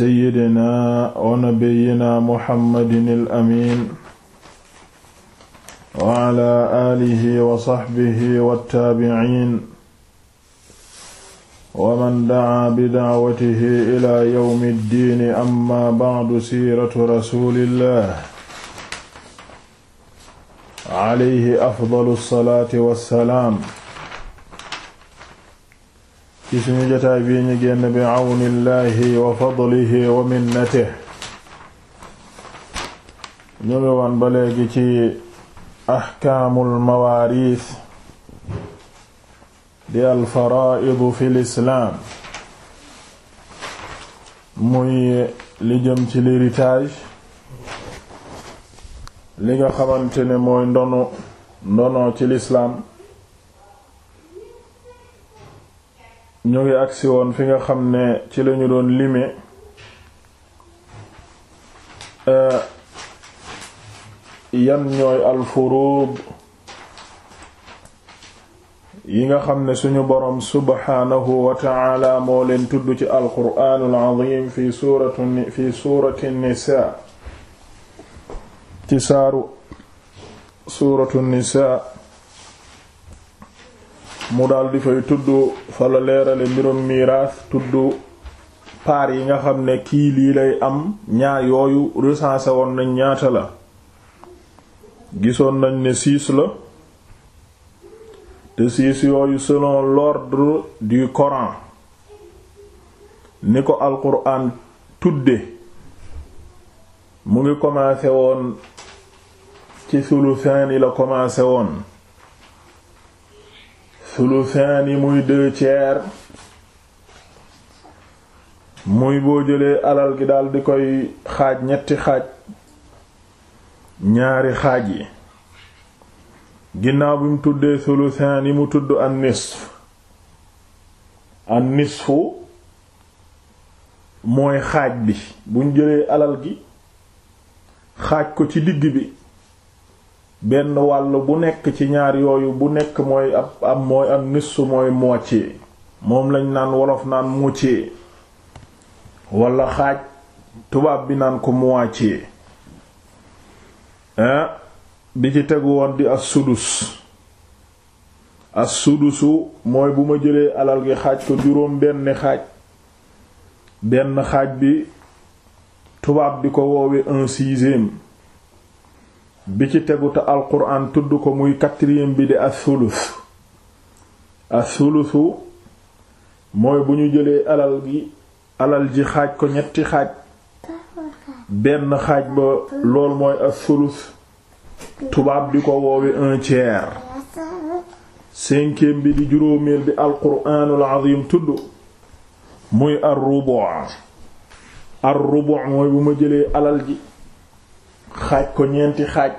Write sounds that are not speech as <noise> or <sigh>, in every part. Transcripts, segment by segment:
sayyidina wa nabiyyina muhammadin al-amiin wa ala aalihi wa sahbihi wat-taabi'iin wa man da'a bi da'watihi ila yawmi ddiin amma ba'du siiratu rasuulillah alayhi afdalu salaati wa salaam ci suñu jotaay bii ñu génn bi àwnillaahi wa fadlihi wa minnatihi ñu ngi woon ba léegi ci axkaamul mawaariis di alfaraa'idu fil islaam muy li jëm ci l'héritage li nga xamante ne mooy ndonu ndono ci lislaam ñu ngi agsi woon fi nga xam ne ci lañu doon lime eh, yan ñooy alfuruud yi nga xam ne suñu boroom subhaanahu wa ta'ala moo leen tudd ci alqur'aanul azim fi suurati fi ci saaru suuratu nisaa mu daal di fay tudd fa la leerale mbirum miraas tudd paar yi nga xam ne kii lii lay am ñaar yooyu recensé woon nañ ñaata la gisoon nañ ne six la te six yooyu selon l'ordre du Coran ni ko alquran tudde mu ngi commencé woon ci sulusaani la commencé woon thuluthaani muy deux tiers muy boo jëlee alal gi daal di koy xaaj ñetti xaaj ñaari xaaj yi ginnaaw bi mu tuddee thuluthaani mu tudd an nisf an nisfu mooy xaaj bi buñ jëlee alal gi xaaj ko ci digg bi benn wàll bu nekk ci ñaar yooyu bu nekk mooy ab am mooy am nissu mooy moitié moom lañ naan wolof naan moitié walla xaaj tubaab bi naan ko moitié bi ci tegu woon di as sudus as mooy bu ma jëlee alal gi xaaj ko juróom benn xaaj benn xaaj bi tubaab bi ko woowee un sixième bi ci teguta alquran tudd ko muy quatrième bi di as-sulus as-sulusu mooy bu ñu jëlee alal gi alal ji xaaj ko ñetti xaaj benn xaaj ba lool mooy as-sulus tubaab di ko woowe un tiers cinquième bi di juróomeel bi alquraanul azim tudd muy ar-rubu' ar-rubu' mooy bu ma jëlee alal ji xaaj ko ñeenti xaaj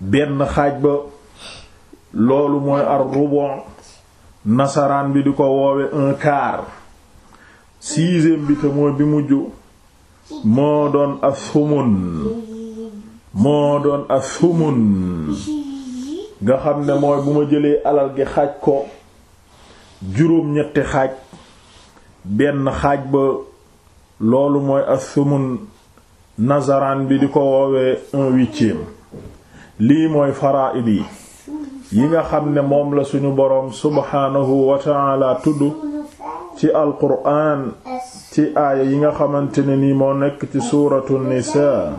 benn xaaj ba loolu mooy ar rubon nasaraan bi di ko woowe un quart sixième bi te mooy bi mujj moo doon asumun moo doon asumun nga xam ne mooy bu ma jëlee alal gi xaaj ko juróom-ñetti xaaj benn xaaj ba loolu mooy asumun nasaraan bi di ko woowee un huitième lii mooy faraa'id yi yi nga xam ne moom la suñu boroom subhaanahu wa ta'ala tudd ci alquraan ci aaya yi nga xamante ne nii moo nekk ci suuratu nisaa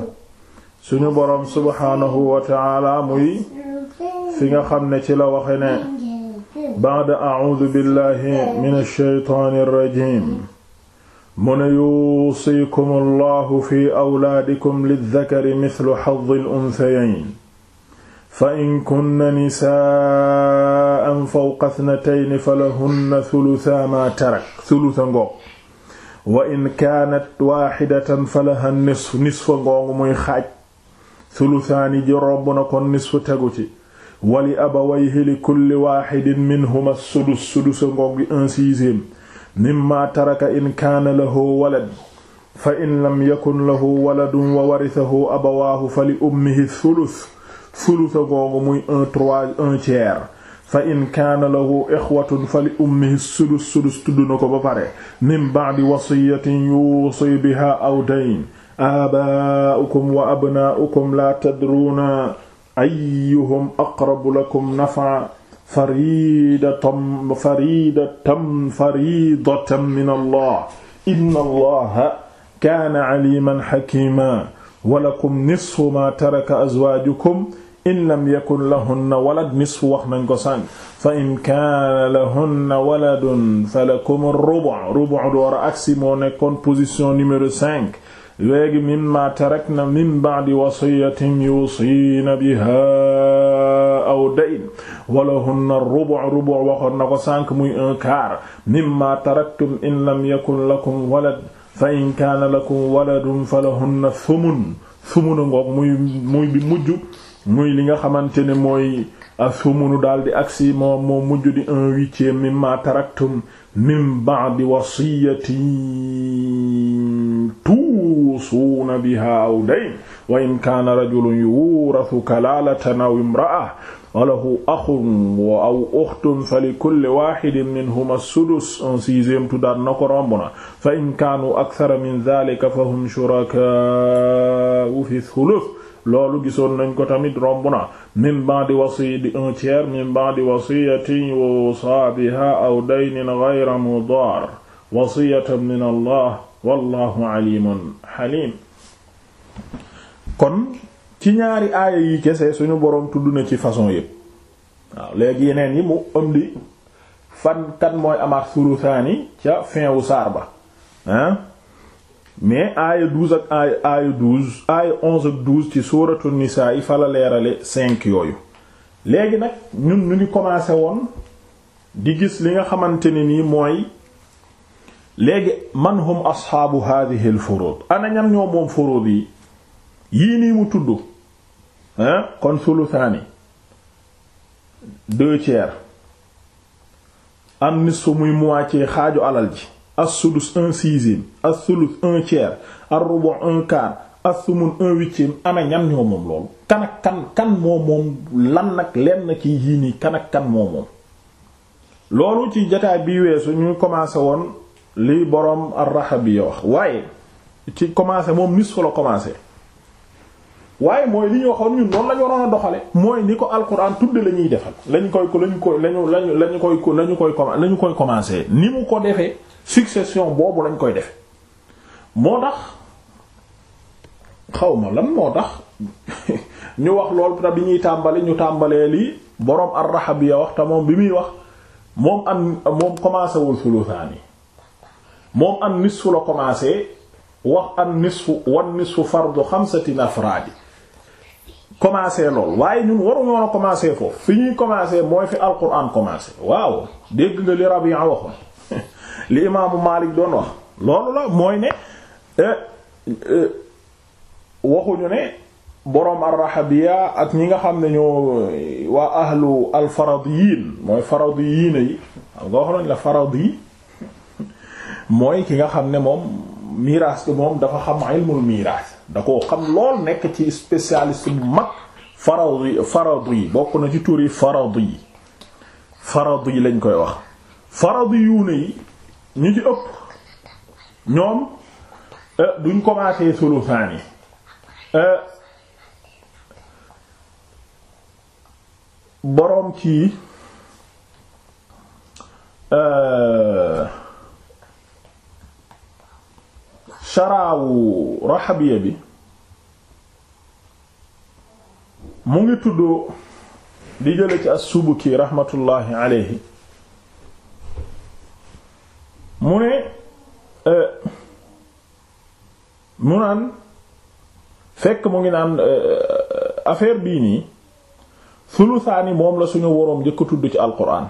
suñu boroom subhaanahu wa ta'ala muy fi nga xam ne ci la waxe ne ba'da a'uudu billahi minash shaytaanir rajiim mu ne yuusikum allahu fi awlaadikum liddakari mithlu xaddi lunsayayn fa in kunna nisaa'an fawqa ithnatayni falahunna thuluthaa maa tarak thulutha ngoog wa in kaanat waaxidatan falaha nisf nisfa ngoogu muy xaaj thuluthaani ji robb na kon nisf tegu ci wali abawayhi li kulli waaxidin minhuma sudus sudusa ngoog gi un sixième mimma taraka in kaana lahu walad fa in lam yakun lahu waladun wa warisahu abawaahu fa li ummihi sulus sulusa googu muy un trois un tiers fa in kaana lahu ixwatun fa li ummihi sudus sudus tudd na ko ba pare min ba'di wasiyatin yuusi biha aw dayn aabaa'ukum wa abnaa'ukum laa tadruuna ayyuhum aqrabu lakum naf'a faridatan faridatan faridatan min allah inna allaha kaana aliman xakima walakum nisfu ma taraka azwaajukum in lam yakun lahunna walad nisfu wax nañ ko sànq fa in kaana lahunna waladun falakum rubu' rubu' door a agsi moo nekkoon position numéro cinq léegi mimma tarakna min ba'di wasiyatin yusiina biha aw dayn walahunna rubu' rubu' waxoon na ko sànq muy un quart mimma taraktum in lam yakun muy bi mujj muy li nga xamante ne mooy asumunu daldi agsi moom moo mujj di un huitième mimma taraktum min ba'di wasiyatin tuusuuna biha aw dayn wa in kaana rajulun yuurasu kalaalatan aw imra'a wa lahu axun aw uxtun fa li kulli waaxidin minhuma sudus un sixième tu daan na ko romb na fa in kaanu akthara min daalika fa hum shurakaa'u fi thuluth loolu gisoon nañ ko tamit romb na min ba'di wasi di un tiers min ba'di wasiyatin yuusaa biha aw daynin ghayra mudaar wasiyatan min allah wallahu alimun halim kon ci ñaari aaya yi kese suñu boroom tudd na ci façon yépp waaw léegi yeneen yi mu ëmdi fan kan mooy amaat surusaani ca fin wu saar ba hein mais aaya 12 ak aaya aaya 12 aaya 11 ak 12 ci suuratu nisaa yi fa la leerale cinq yooyu léegi nag ñun ñu ngi commencé woon di gis li nga xamante ne nii mooy léegi man hum ashaabu hadhihi al furud ana ñan ñoo moom furud yi yii nii mu tudd hein kon sulusaani deux tiers am nisfu muy ci xaaju alal ji as-sudus un sixième as-sulus un tiers ar-rubu' un quart as-sumun un huitième ana ñam ñoo moom loolu kan kan moo moom lan nag lenn ci yii nii kan moo moom loolu ci jataay bi weesu ñu commencé woon li boroom ar-Raxabi wax waaye ci commencé moom nisfu la commencé waaye mooy li ñu waxoon ñu noonu la ñu waroon a doxale mooy ni ko alquran tudde la ñuy defal lañ koy ko lañ koy lañu lañ lañu koy lañu koy koy commencé ni mu ko defee succession boobu lañ koy defe moo tax xawma ma lan moo tax <laughs> ñu wax lool ta bi ñuy tàmbali ñu tàmbalee lii boroom ar-Rahabiyya wax te moom bi muy wax moom am moom commencé wul sulusaan yi moom am nisfu la commencé wax am nisfu wan nisfu fardu xamsati afraadi commencer lool waaye ñun waruñoo na commencer foofu fi ñuy commencer mooy fi alquran commencer waaw dégg nga li Rabi'a waxoon <laughs> li imaamu Maalik doon wax loolu la mooy ne eh, eh, waxuñu ne boroom ar-rahabiya ak ñi nga xam ne ñoo waa ahlu al-faradiyin mooy faradiyin yi xam nga wax la faradi <laughs> mooy ki nga xam ne moom miraas ki moom dafa xam ilmul miraas da koo xam lool nekk ci spécialiste bu mag faradi faradi bokk na ci tur yi faradi faradi lañ koy wax faradi yuune yi ñu ci ëpp ñoom eh, duñ commencé sulusaan yi eh, boroom ci sharaawu raxabiya bi mu ngi tuddoo di jële ci as-Subuki raxmatullaahi alayhi mu ne e, mu naan fekk mu ngi naan e, affaire bii nii sulusaani moom la suñu woroom jëkk tudd ci alquran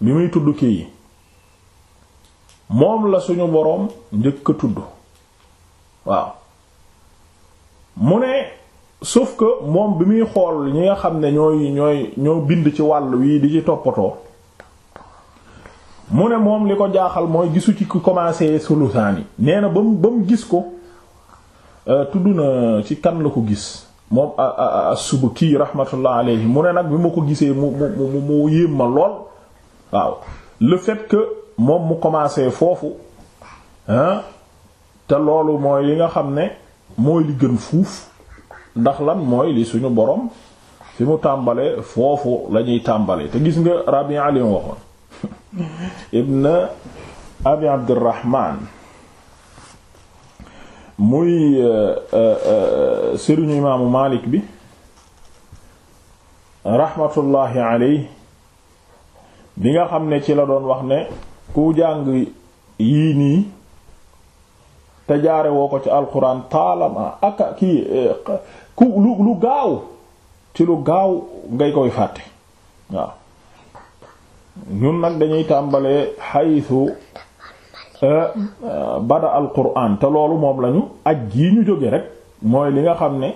bi muy tudd kii yi moom la suñu woroom njëkk tudd waaw mu ne sauf que moom bi muy xool ñi nga xam ne ñooy ñooy ñoo bind ci wàll wii di ci toppatoo mu ne moom li ko jaaxal mooy gisu ci ku commencé sulusaan yi nee na ba mu ba mu gis ko euh, tudd na ci kan la ko gis moom as-Subki rahmatullah alayhi mu ne nag bi mu ko gisee mu mu mu yéem ma lool waaw le fait moom mu commencé foofu hein te loolu mooy li nga xam ne mooy li gën fuuf ndax lan mooy li suñu boroom fi mu tàmbalee foofu lañuy ñuy tàmbalee te gis nga rabi ali waxoon <laughs> ibn abi abdurrahman muy euh, euh, euh, sëriñu imaamu Maalik bi rahmatullahi aley bi nga xam ne ci la doon wax ne ku jàng yii nii te jaare woo ko ci alquran taalama aka kii ku lu lu gaaw ci lu gaaw ngay koy fàtte waaw ñun nag dañuy tàmbalee xaytu eh, eh, bada alquran te loolu moom lañu aj gii ñu jóge rek mooy li nga xam ne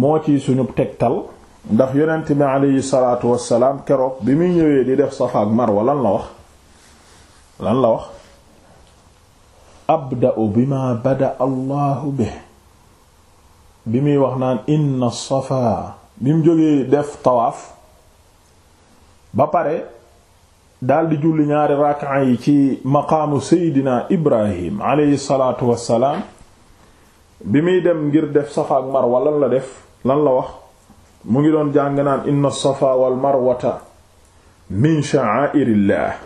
moo ci suñu tegtal ndax yonent bi aleyhi salaatu wassalaam keroog bi muy ñëwee di def safa ak marwa lan la wax lan la wax abda'u bima bada allahu bi bi muy wax naan inna safa bi mu jógee def tawaaf ba pare daldi julli ñaari rakaa yi ci maqaamu seydina ibrahim aleyhi salaatu wassalaam bi muy dem ngir def safa lan la def lan la wax mu ngi doon jàng naan inna safa wal marwata min sha'a'irillah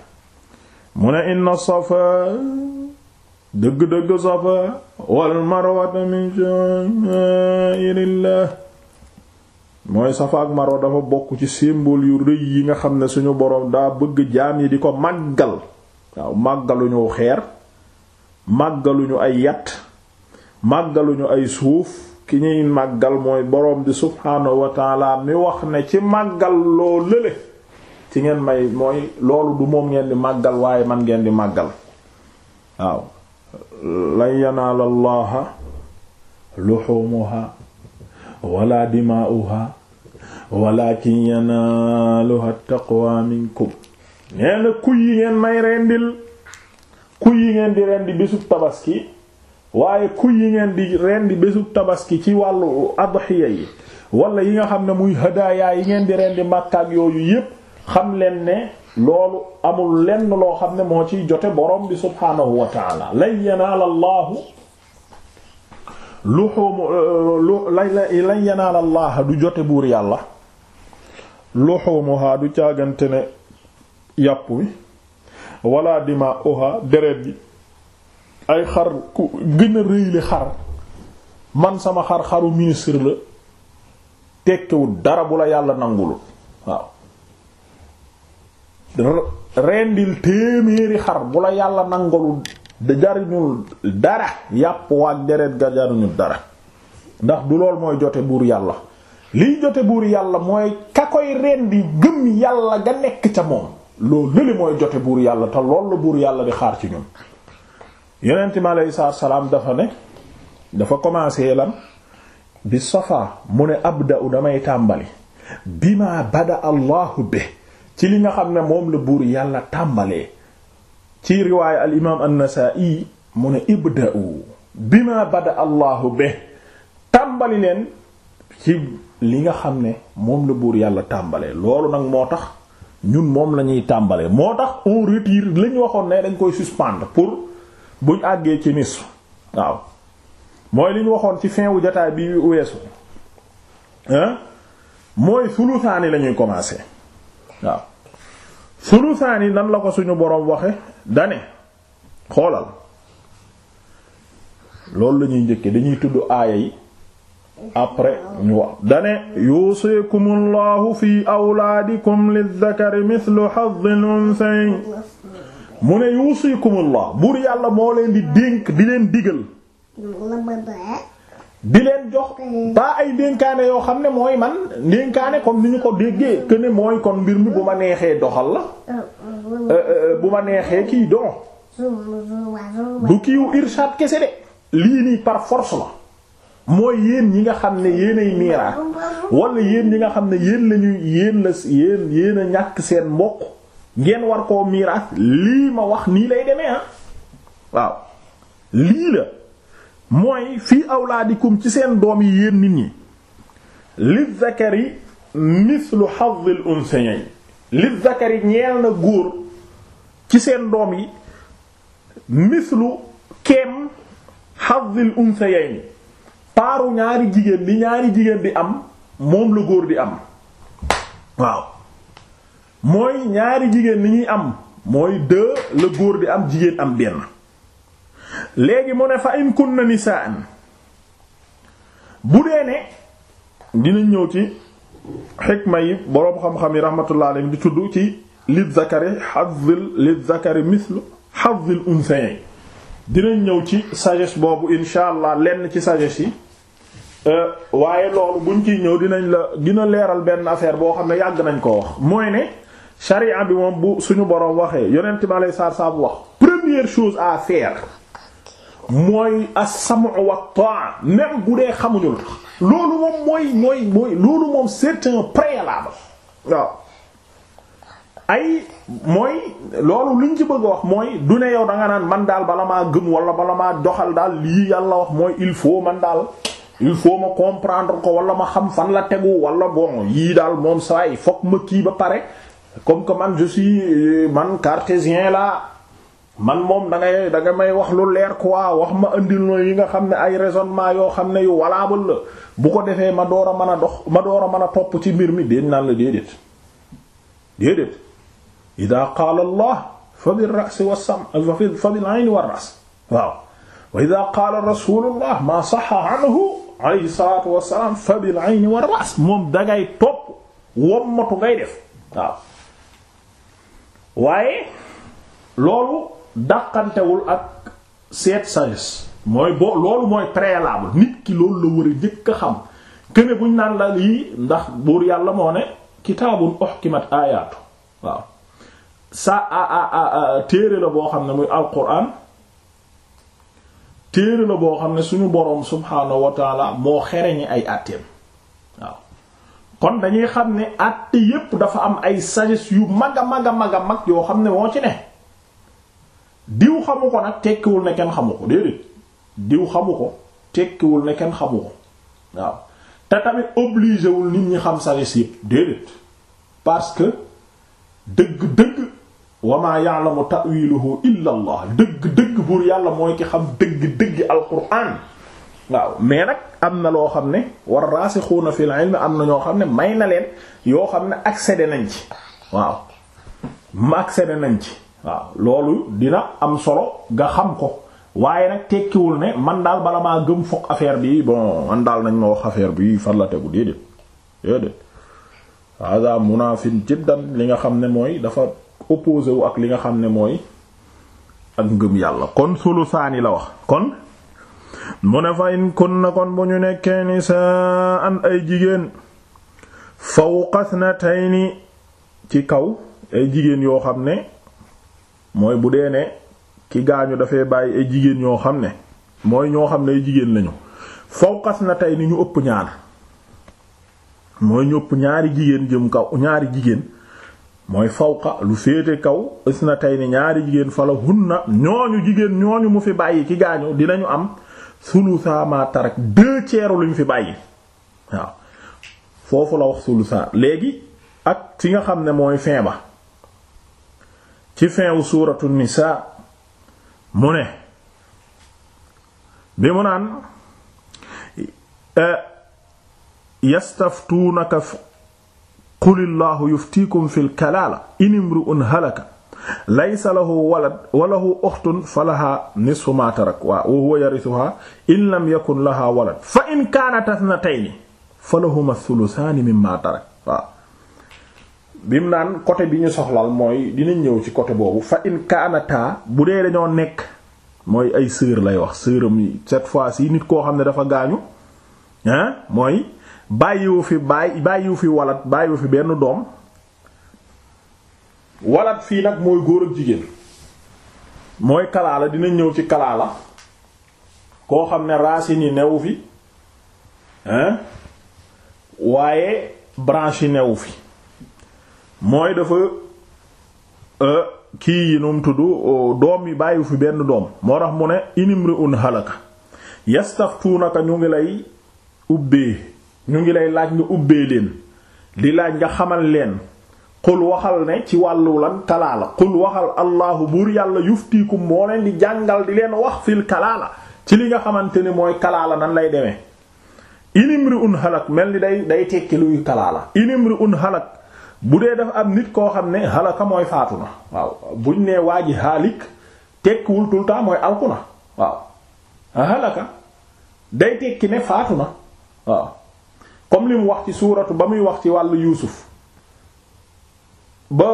mu ne inna safa dëgg-dëgg safa wal marwata mooy safa ak marwa dafa bokk ci symbole yu rëy yi nga xam ne suñu boroom daa bëgg jaam yi di ko màggal waaw màggaluñu xeer màggaluñu ay yat màggaluñu ay suuf ki ñuy màggal mooy boroom bi subhaanahu mi wax ne ci màggal loo lële ci ngeen may mooy loolu du moom ngeen di màggal waaye man ngeen di màggal waaw lan yanaal allaha luxumuha wala dimaa'uha walakin yanaaluha taqwa minkum nee kuy yi ngeen may rendil kuy yi ngeen di rendi bésub tabaski waaye kuy yi ngeen di rendi bésub tabaski ci wàllu adhiya yi wala yi nga xam ne muy hadaaya yi ngeen di rendi màkkaak yooyu yépp xam leen ne loolu amul lenn loo xam ne moo ciy jote borom bi subhaanahu wa taala lan yanaal allaahu luxumu lan yanaal allaaha du jote buur yàlla luxumuha du càggante ne yàpp wi wala dima uha deret bi ay xar ku gën a xar man sama xar xaru ministre la tekkewul dara bu la yàlla nangu waaw rendil téeméeri xar bu la yàlla nangalu jariñul dara yàpp waak deret ga jariñul dara ndax du lool mooy jote buur yàlla liy jote buur yàlla mooy ka koy rendi gëm yàlla ga nekk ca moom loolu lële mooy jote buur yàlla te lool la buur yàlla di xaar ci ñun yonent mi aleyhi sa salaam dafa ne dafa commencé la bi safa mu ne abda'u damay tàmbali bima bada allahu be ci li nga xam ne moom la buur yàlla tàmbalee ci riwaaya al imaam an mu ne ibda'u bima bada allahu be tàmbali leen ci li nga xam ne moom la buur yàlla tàmbalee loolu nag moo tax ñun moom la ñuy tàmbalee moo tax on retire li waxoon ne dañ koy suspendre pour buñ àggee ci Misr waaw mooy li waxoon ci fin wu jotaay bi weesu hein mooy sulusaani la ñuy waaw sulusaan yi nan la ko suñu boroom waxe dane xoolal loolu lañuy ñuy njëkke dañuy tudd aaya yi après ñu wax dane yuusikumullahu fi awlaadikum lizzakari mithlu hazzil unsayn mu ne yuusikumullah buur yàlla moo leen di dénk di leen digal di leen jox ba ay ndénkaane yoo xam ne mooy man ndénkaane comme ni ñu ko déggee kë ne mooy kon mbir mi bu ma neexee doxal la euh, euh, bu ma neexee kii don du kiiwu irshad kese de lii nii par force la mooy yéen ñi nga xam ne yéen ay miiraat wala yéen ñi nga xam ne yéen la ñuy yéen la yéen yéen ñàkk seen mbokk ngeen war koo miiraat lii ma wax nii lay demee ah waaw lii la mooy fii awlaadikum ci seen doom yi yéen nit ñi li zakari mislu hazzil unsayayn li zakari ñeel na góor ci seen doom yi mislu keem hazzil unsayayn paaru ñaari jigéen di ñaari jigéen di am moom la góor di am waaw mooy ñaari jigéen ni ñuy am mooy deux la góor di am jigéen am benn léegi mu ne fa in kunna bu dee ne dinañ ñëw ci xikma yi boroom xam-xam yi rahmatullah alayhi di tudd ci lil zakari hazzil lil zakari mislu hazzil unsayn dinañ ñëw ci sagesse boobu insha allah lenn ci sagesse yi euh, waaye loolu buñ ciy ñëw dinañ la dina leeral benn affaire boo xam ne yàgg nañ koo wax mooy ne charia bi moom bu suñu boroom waxee yonent bi aleyhi salaatu salaam wax première chose à faire mooy as-sam'u wa ta'a même bu dee xamuñu lu tax loolu moom mooy mooy mooy loolu moom c'est un préalable waaw ay mooy loolu liñ ci bëgg a wax mooy du ne yow da nga naan man daal bala maa gëm wala bala maa doxal daal lii yàlla wax mooy il faut man daal il faut ma comprendre ko wala ma xam fan la tegu walla bon yii daal moom saa yi fokk ma kii ba pare comme que man je suis euh, man cartésien là man moom da ngay da nga may wax lu leer quoi wax ma andil no yi nga xam ne ay raisonnement yoo xam ne yu walaabal la bu ko defee ma door a mën a dox ma door a mën a topp ci mbir mi déen naan la déedéet déedéet ida qaala allah fa bil ra'si wa sam fa bil ayni wa ras waaw wa ida qaala rasulullah ma saxa anhu alayhi salatu wasalaam fa bil ayni wa ras moom da ngay topp wommatu ngay def waaw waaye loolu dàqantewul ak seet sagesse mooy boo loolu mooy préalable nit ki loolu la war a jëkk a xam kene buñ naan la lii ndax buur yàlla moo ne kitaabun uhkimat aayaatu waaw sa a a téere la boo xam ne muy alquran téere la boo xam ne suñu boroom subhaanahu wa taala moo ay àtteem waaw kon dañuy xam ne àtte yépp dafa am ay sagesse yu mag a mag a mag a mag yoo xam ne moo ci ne diw xamu ko nag tekkiwul na kenn xamu ko déedéet diw xamu ko tekkiwul na kenn xamu ko waaw te tamit obligé wul nit ñi xam salis yépp déedéet parce que dëgg-dëgg wamaa ya'lamu ta'wiluhu illa allah dëgg-dëgg buur yàlla mooy ki xam dëgg-dëgg alquran waaw mais nag am na loo xam ne war raasixuuna fil ilmi am na ñoo xam ne may na leen yoo xam ne ak accédé nañ ci waaw ma accédé nañ ci waaw loolu dina am solo nga xam ko waaye nag tekkiwul ne man daal bala maa gëm foog affaire bii bon man daal nañ ma wax affaire bi fan la tegu déedéet déedéet hada munafin jiddan li nga xam ne mooy dafa opposé wu ak li nga xam ne mooy ak ngëm yàlla kon sulusaani la wax kon mu ne fa in kun na kon bu ñu nekkee ni sa an ay jigéen fawqasnatayni ci kaw ay jigéen yoo xam ne mooy bu dee ne ki gaañu dafay bàyyi ay jigéen ñoo xam ne mooy ñoo xam ne ay jigéen lañu fawqas na tey ni ñu ëpp ñaar mooy ñu ñaari jigéen jëm kaw ñaari jigéen mooy fawqa lu féete kaw is na tey ni ñaari jigéen fala na ñooñu jigéen ñooñu mu fi bàyyi ki gaañu dinañu am sulusa ma tarak deux tiers lu ñu fi bàyyi waaw foofu la wax sulusa léegi ak fi nga xam ne mooy fin ba ci fin wu suuratu nisaa mu ne bi mu naan e, yastaftuunaka qulillaahu yuftiikum fil kalaala in imru'un halaka laysa lahu walad wa lahu ukhtun falahaa nisfu maa tarak wa huwa yarithuhaa in lam yakun lahaa walad fa in kaanat ithnatayni falahumaa thuluthaani mimmaa tarak waaw bi mu naan côté bi ñu soxlal mooy dinañ ñëw ci côté boobu fa in kaanata bu dee dañoo nekk mooy ay sœur lay wax sœuram yi cette fois ci nit koo xam ne dafa gaañu hein mooy bàyyiwu fi bàyyiwu fi walat bàyyiwu fi benn doom walat fii nag mooy góor ak jigéen mooy kalaala dina ñëw ci kalaala koo xam ne racines yi newu fi hein waaye branches yi newu fi mooy dafa euh, kii yi num tudd euh, doom yi bàyyi fi benn doom moo tax mu ne inimri un halaka yastaftuunaka ñu ngi lay ubbee ñu ngi lay laaj nga ubbee leen di laaj nga xamal leen xul waxal ne ci wàllu lan kalaala xul waxal allahu buur yàlla yuftiikum moo leen di jàngal di leen wax fii kalaala ci li nga xamante ni mooy kalaala nan lay demee inimri un halak mel ni day day tekki luy kalaala inimri un halak bu dee dafa am nit koo xam ne halaka mooy faatu na waaw buñ nee waa ji haalik tekkiwul tout le mooy alku na waaw halaka day tekki ne faatu na waaw comme li mu wax ci suuratu ba muy wax ci wàllu Yuusuf ba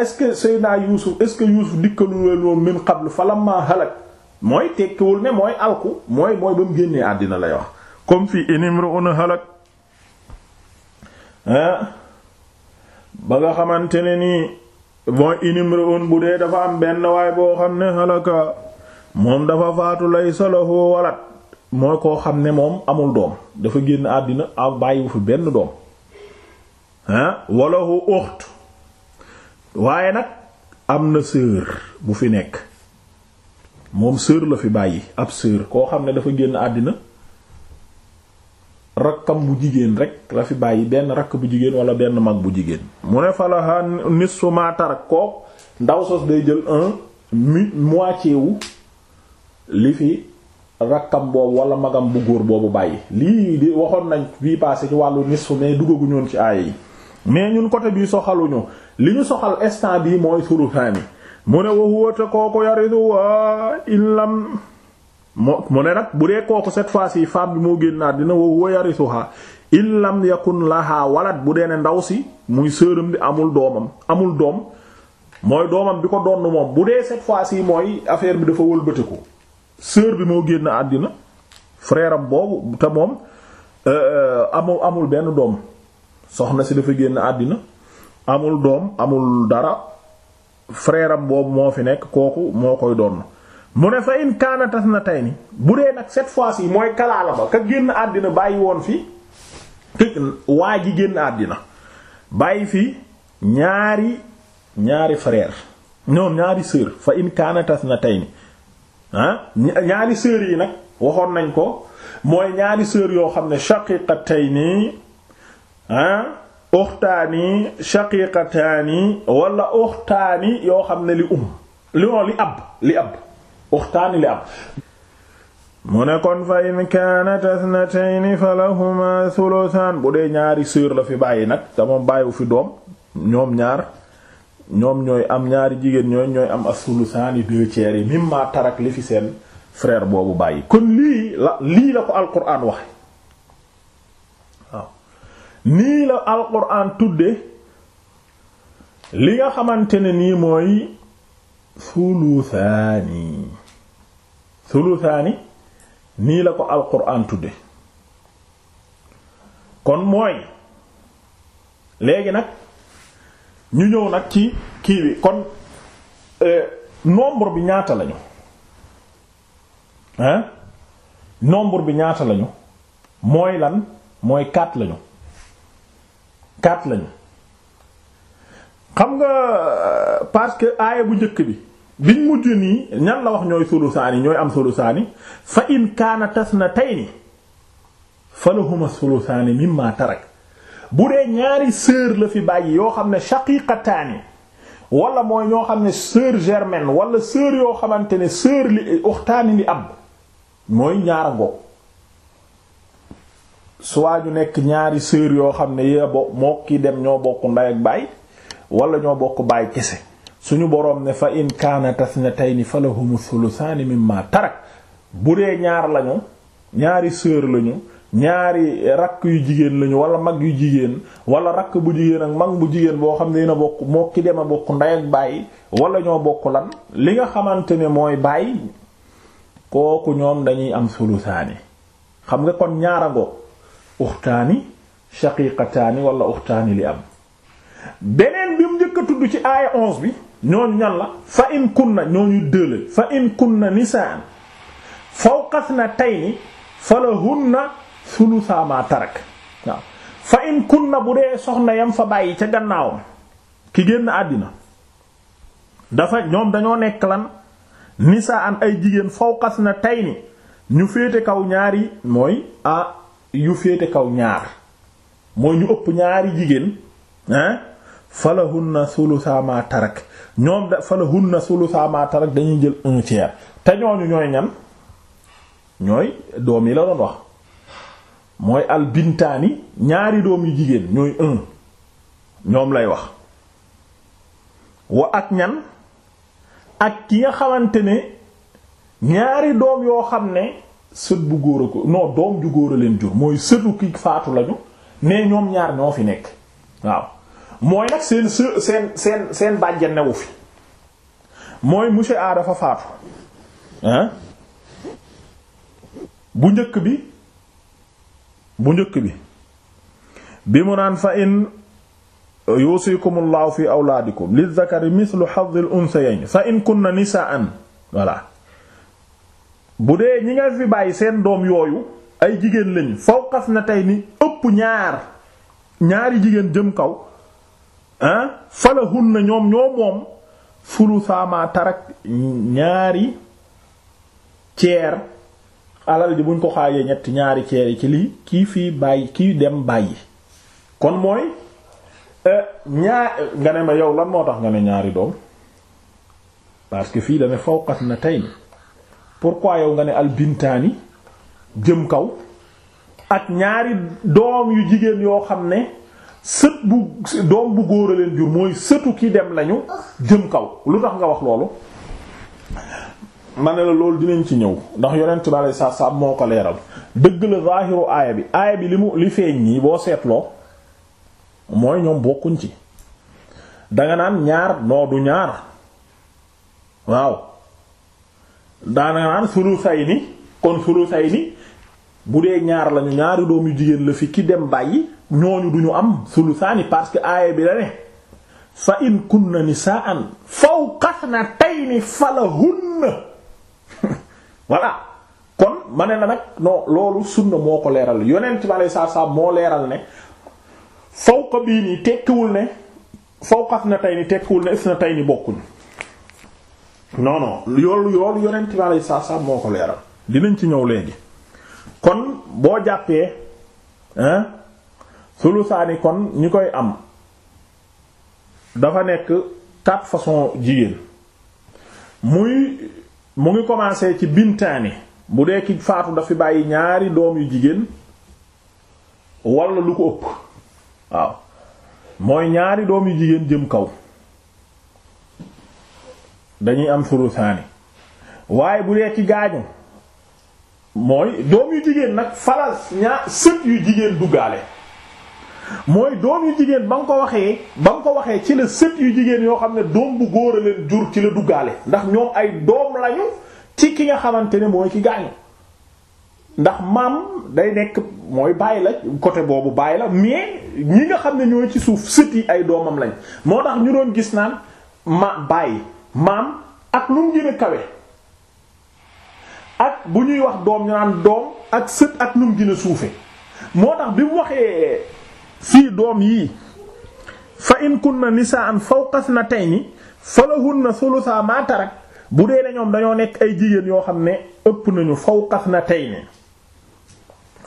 est-ce que Seydina Yuusuf est-ce que Yuusuf dikkalu leen woon min halak mooy tekkiwul ne mooy alku mooy mooy ba mu génnee àddina lay wax comme fii inimru'un halak ba nga xamante ne nii mooy inimruun bu dee dafa am benn waay boo xam ne halaka moom dafa faatu laysa lahu walad moo koo xam ne moom amul doom dafa génn àddina a bàyyiwu fi benn doom ah walahu waaye nag am na sœur bu fi nekk moom sœur la fi bàyyi ab sœur koo xam ne dafa génn àddina rakkam bu jigéen rek la fi bàyyi benn rakk bu jigéen wala benn mag bu jigéen mu ne falaha nisfu ma tarak kook ndaw sos day jël un mi ci wu li fi rakkam boobu wala magam bu góor boobu bàyyi lii di waxoon nañ bii passé ci wàllu nisfu mais duggagu ñoon ci aaya yi mais ñun côté bii soxaluñu li ñu soxal instant bii mooy sulusaani mu ne waxuwate kooku yaritu waa ah, illam moo mu ne nag bu dee kooku set fois yi femme bi moo génn àddina wa huwa yarisuha in lam yakun laha walad bu dee ne ndaw si muy sëram bi amul doomam amul doom mooy doomam bi ko donn moom bu dee cette fois mooy affaire bi dafa wëlbatiku sœur bi moo génn àddina frère am te moom euh, euh, amul amul benn doom soxna si dafa génn àddina amul doom amul dara frère boobu moo fi nekk kooku moo koy donn mu ne fa in kaana na tey ni bu dee nag cette fois ci mooy kalaala ba ka génn àddina bàyyi woon fi waa ji génn àddina bàyyi fi ñaari ñaari frère ñoom ñaari sœur fa in kaana na tey ni ah ñaari sœur yi nag waxoon nañ ko mooy ñaari sœur yoo xam ne shaqiqatayni ah uxtaani shaqiqataani wala uxtaani yoo xam ne li um li li ab li ab uxtaani li am mu ne kon fa in kaanat athnatayn fa lahuma thuluthan bu dee ñaari sœur la fi bàyyi nag te moom bàyyiwu fi doom ñoom ñaar ñoom ñooy am ñaari jigéen ñooy ñooy am athuluthan deux tiers yi mimma tarak li fi seen frère boobu bàyyi kon lii la lii la ko alquran waxe waaw nii la alquran tudde li nga xamante ne nii mooy thuluthan thuluthaani nii la ko alquran tudde kon mooy léegi nag ñu ñëw nag ci kii bi kon e, nombre bi ñaata lañu hein nombre bi ñaata lañu mooy lan mooy quatre lañu quatre lañu xam nga euh, parce que aaya bu njëkk bi biñ mujj nii ñan la wax ñooy sulusaani ñooy am sulusaani fa in kaana na tasnatayni falahuma sulusaani mimma tarak bu dee ñaari sœur la fi bàyyi yoo xam ne shaqiqataani wala mooy ñoo xam ne sœur germaine wala sœur yoo xamante ne sœur li uxtaani li ab mooy ñaara ngoog soit ñu nekk ñaari sœur yoo xam ne yee bo moo ki dem ñoo bokk nday ak baay wala ñoo bokk baay kese suñu boroom ne fa na in kaanat ithnatayni falahumu thuluthaani mimma tarak bu dee ñaar lañu ñaari sœur lañu ñaari rakk yu jigéen lañu wala mag yu jigéen wala rakk bu jigéen ak mag bu jigéen boo xam ne dina bokk moo dem a bokk ndey ak baay wala ñoo bokk lan li nga xamante ne mooy baay kooku ñoom dañuy am thuluthaani xam nga kon ñaara ngo uxtaani shaqiqataani wala uxtaani li am a ci aaya bi ñooñu ñan la fa in kunna ñooñu dële fa in kunna na tay ni falahunna thulutha ma tarak waaw bu dee soxna yam fa bàyyi ca gannaawam ki génn àddina dafa ñoom dañoo nekk lan nisaan ay jigéen fawqas na tay ni ñu féete kaw ñaari mooy a ah, yu féete kaw ñaar mooy ñu ëpp ñaari jigéen hein falahunna na ma tarak ñoom da falahunna thulutha ma tarak dañuy jël un tiers te ñooñu ñooy ñan ñooy doom yi la doon wax mooy albintaani ñaari doom yu jigéen ñooy un ñoom lay wax wa ak ñan ak ki nga xamante ne ñaari doom yoo xam ne sët bu góor a ko non doom ju góor a leen jur mooy sëtu ki faatu lañu mais ñoom ñaar ñoo fi nekk waaw mooy nag seen seen seen seen bàjjen newu fi mooy monsieur A dafa faatu bu njëkk bi bu njëkk bi bi mu naan fa in yusikumullahu fi awlaadikum lizakari mislu hazzil unsayayn fa in kunna nisaan voilà bu dee ñi nga fi bàyyi seen doom yooyu ay jigéen lañu fawqas na tey ni ëpp ñaar ñaari jigéen jëm kaw ah falahunna ñoom ñoo moom fulusaa ma tarak ñaari ceer alal ji buñ ko xaajee ñetti ñaari ceer yi ci lii kii fii bàyyi kii dem bàyyi kon mooy eh, ñaar nga ne ma yow lan moo tax nga ne ñaari doom parce que fii dane fawqat na tey pourquoi yow nga ne albintaani jëm kaw ak ñaari doom yu jigéen yoo xam ne sët bu doom bu góor a leen jur mooy sëtu ki dem nañu jëm kaw lu tax nga wax loolu ma ne la loolu dinañ ci ñëw ndax yonent bi aleyhi salaatu salaam moo ko leeral dëgg la zaahiru aaya bi aaya bi li mu li feeñ nii boo seetloo mooy ñoom bokkuñ ci danga naan ñaar noo du ñaar waaw daana naan sulusay ni kon sulusay ni bu dee ñaar lañu ñaari doom yu jigéen la fi ki dem bàyyi ñooñu duñu am sulusaani parce que aaya bi la ne fa in kunna nisaan fawqathnatayni falahunna <laughs> voilà kon ma ne la nag non loolu sunna moo ko leeral yoneen bi alei saatu salaam moo leeral ne fawqa bii nii tekkiwul ne tey fawqathnatayni tekkiwul ne isnatayni bokkuñu non non yoolu yoolu yonent bi alei saatu salaam moo ko leeral dinañ ci ñëw léegi kon boo jàppee hein sulusaani kon ñi koy am dafa nekk quatre façon jigéen muy mu ngi commencé ci bintaani bu dee ki faatu dafa bàyyi ñaari doom yu jigéen walla lu ko ëpp waaw mooy ñaari doom yu jigéen jëm kaw dañuy am sulusaani waaye bu dee ci gaañu mooy doom yu jigéen nag falas ñaa sët yu jigéen duggaale mooy doom yu jigéen ba nga ko waxee ba nga ko waxee ci la sët yu jigéen yoo xam ne doom bu góor a leen jur ci la duggaale ndax ñoo ay doom lañu ci ki nga xamante ne mooy ki gaañu ndax maam day nekk mooy bàyyi la côté boobu bàyyi la mais ñi nga xam ne ñooy ci suuf sët yi ay doomam lañ moo tax ñu doon gis naan ma bàyyi maam ak lu mu gën a kawe ak bu ñuy wax doom ñu naan doom ak sët ak num gën a suufe moo tax bi mu waxee fii doom yii fa in tey ni fawqathnatayni na solo saa tarak bu dee ñoom dañoo nekk ay jigéen yoo xam ne ëpp nañu kas na tey fawqathnatayni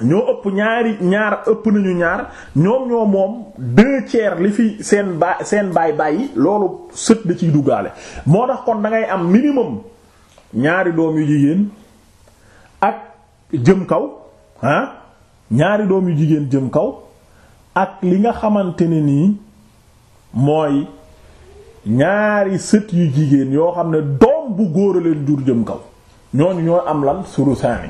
ñoo ëpp ñaari ñaar ëpp nañu ñaar ñoom ñoo moom deux tiers li fi seen baay baay bàyyi loolu sët da ciy duggaale moo tax kon dangay am minimum ñaari doom yu jigéen ak jëm kaw ah ñaari doom yu jigéen jëm kaw ak li nga xamante ne nii mooy ñaari sët yu jigéen yoo xam ne doom bu góor a jur jëm kaw ñooñu ñoo am lan suru saani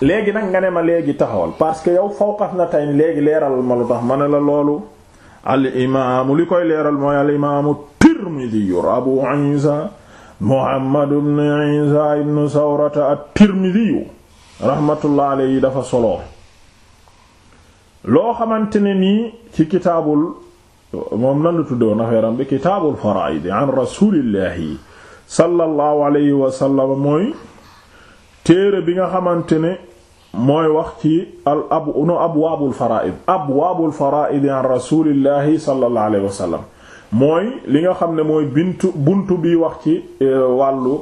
léegi nag nga ne ma léegi taxawal parce que yow fawqat na tey léegi leeral ma lu tax ma ne la loolu al imaamu li koy leeral mooy al imaamu Tirmidhi abu Isa Muhammad ibn Isa ibn Sawrata at-Tirmidhi rahmatullah dafa solo loo xamante ne nii ci kitaabul moom nan la tuddoon affaire am bi kitaabul faraa'id an rasuulillahi sallallahu alayhi wa mooy téere bi nga xamante ne mooy wax ci al ab no abwaabul faraa'id abwaabul faraa'id an rasuulillahi sallallahu alayhi wa mooy li nga xam ne mooy bintu buntu bi wax ci eh, wàllu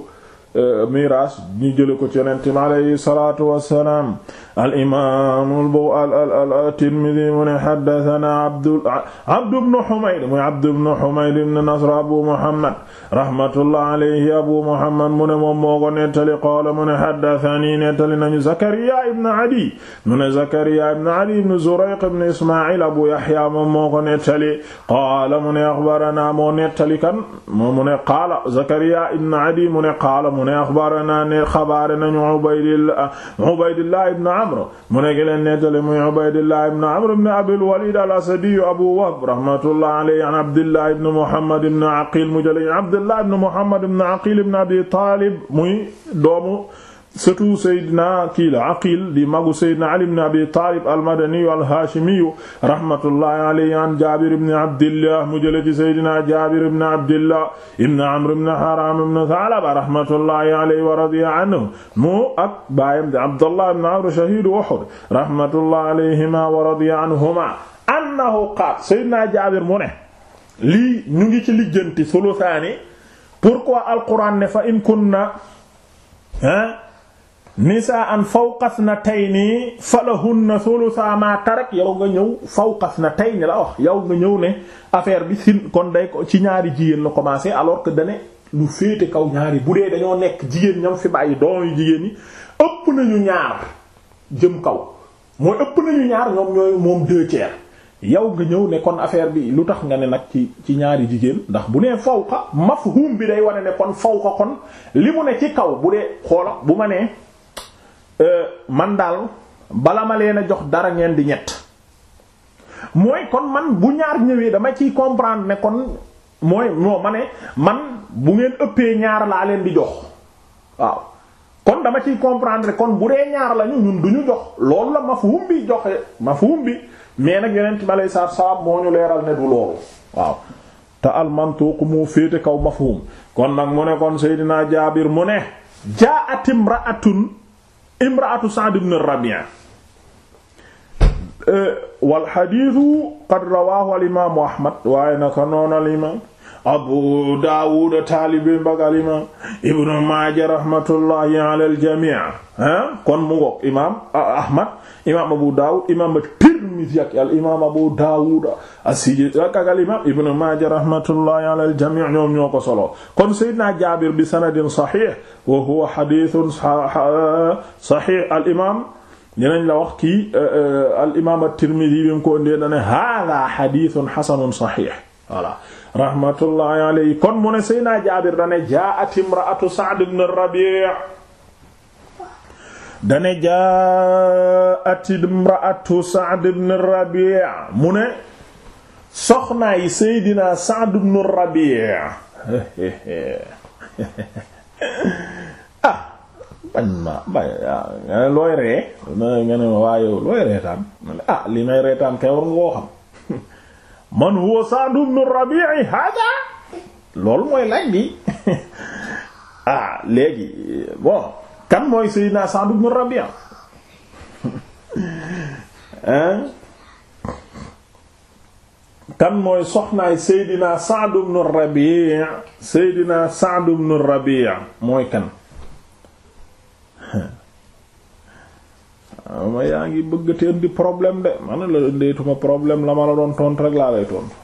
eh, miraas ñu jële ko ci yonente mi aleyhi salaatu wassalaam al imaam at-Tirmidhi mu ne haddathana Abdu Abdu ibn Humayd muy Abdu ibn Humayd ibn Nasr Abu Muhammad rahmatullah alayhi Abu Muhammad mu ne moom moo ko nettali qaala mu ne haddathani nettali nañu Zakariya ibn Adi mu ne Zakariya ibn Adi ibn Zurayq ibn Isma'il Abu Yahya moom moo ko nettali qaala mu ne akhbarana moo nettali kan mu ne qaala Zakariya ibn Adi mu ne qaala mu ne akhbarana ne xabaare nañu Ubaydillah Ubaydillah ibn amr mu ne gi leen nettali muy ubaydillah ibn amr ibn abil walid al asadi abu wahb rahmatullah alayhi an abdillah ibn muhammad ibn aqil mu jële abdillah ibn muhammad ibn aqil ibn abi talib muy doomu surtout Seydina kii la Aqil di magu Seydina Ali ibn Abi Taalib al-Madani al-Haashimi rahmatullahi alayhi an Jaabir ibn Abdillah mu jële ci Seydina Jaabir ibn Abdillah ibn Amr ibn Haraam ibn Tha'laba rahmatullahi alayhi wa radiya anhu mu ak baayam di Abdullah ibn Amr shahiidu Uhud rahmatullahi alayhima wa radiya anhuma annahu qaal Seydina Jaabir mu ne lii ñu ngi ci lijjanti sulusaani pourquoi al-Qur'aan ne fa in kunna ha nisaan fawqas na tey nii falahunna sulusa ma tarak yow nga ñëw faw xas na tey ni la wax yow nga ñëw ne affaire bi si kon day ko ci ñaari jigéen la commencé alors que dane lu féete kaw ñaari bu dee dañoo nekk jigéen ñam fi bàyyi doom yu jigéen ñi ëpp nañu ñaar jëm kaw mooy ëpp nañu ñaar ñoom ñooy moom deux tiers yow nga ñëw ne kon affaire bi lu tax nga ne nag ci ci ñaari jigéen ndax bu nee fawqa mafhum bi day wane ne kon fawqa kon li mu ne ci kaw bu dee xoola bu ma nee Euh, man daal bala ma leen a jox dara ngeen di ñett mooy kon man bu ñaar ñëwee dama ciy comprendre ne kon mooy moo ma ne man bu ngeen ëppee ñaar laa leen di jox waaw kon dama ciy comprendre kon bu dee ñaar lañu ñun du ñu jox loolu la mafhum bi joxe mafhum bi mais nag yeneen ci ma lay saab saab moo ñu leeral ne du loolu waaw te almantuq moo féete kaw mafhum kon nag mu ne kon Seydina Jaabir mu ne jaa atim ra'atun imraatu Sa'd ibn Rabi'a eh, wal xadiisu qad rawaahu al imaamu Ahmad waaye naka noonu al imaam abu daawuda taalibi mbagalima ibnu maaja rahmatullahi ala aljamii kon mu ngoog imaam ahmad imaam abu daawud imaam tirmidhi ak al imaam abu daawuda asiji ak al imaam ibnu maaja rahmatullahi ala aljamii ñoom ñoo ko solo kon sayyidina jaabir bi sanadin saxiix wa huwa xadiisun saxiix al imaam dinañ la wax kii e, e, al imaam at-tirmidhi bi mu ko indee dana haaza xadiisun xasanun saxiix voilà rahmatullahi alayhi kon mu ne Seydina Jaabir dane jaa'at imra'atu Sa'd ibn Rabi' dane mu ne soxna Seydina Sa'd ibn Rabi' <laughs> ah bañ ma ba nga ah, looy ree nga ah li may reetaan kay war nga man huwa Sa'd ibn Rabi'i hada loolu mooy laaj bi <laughs> ah léegi bon kan mooy Seydina Sa'd ibn Rabi'a <laughs> kan mooy soxnaay Seydina Sa'd ibn Rabi' Seydina Sa'd ibn Rabi' mooy kan ma yaa ngi bëgg teen di problème de man la ndeetuma problème la ma la doon tontu rek laa lay tontu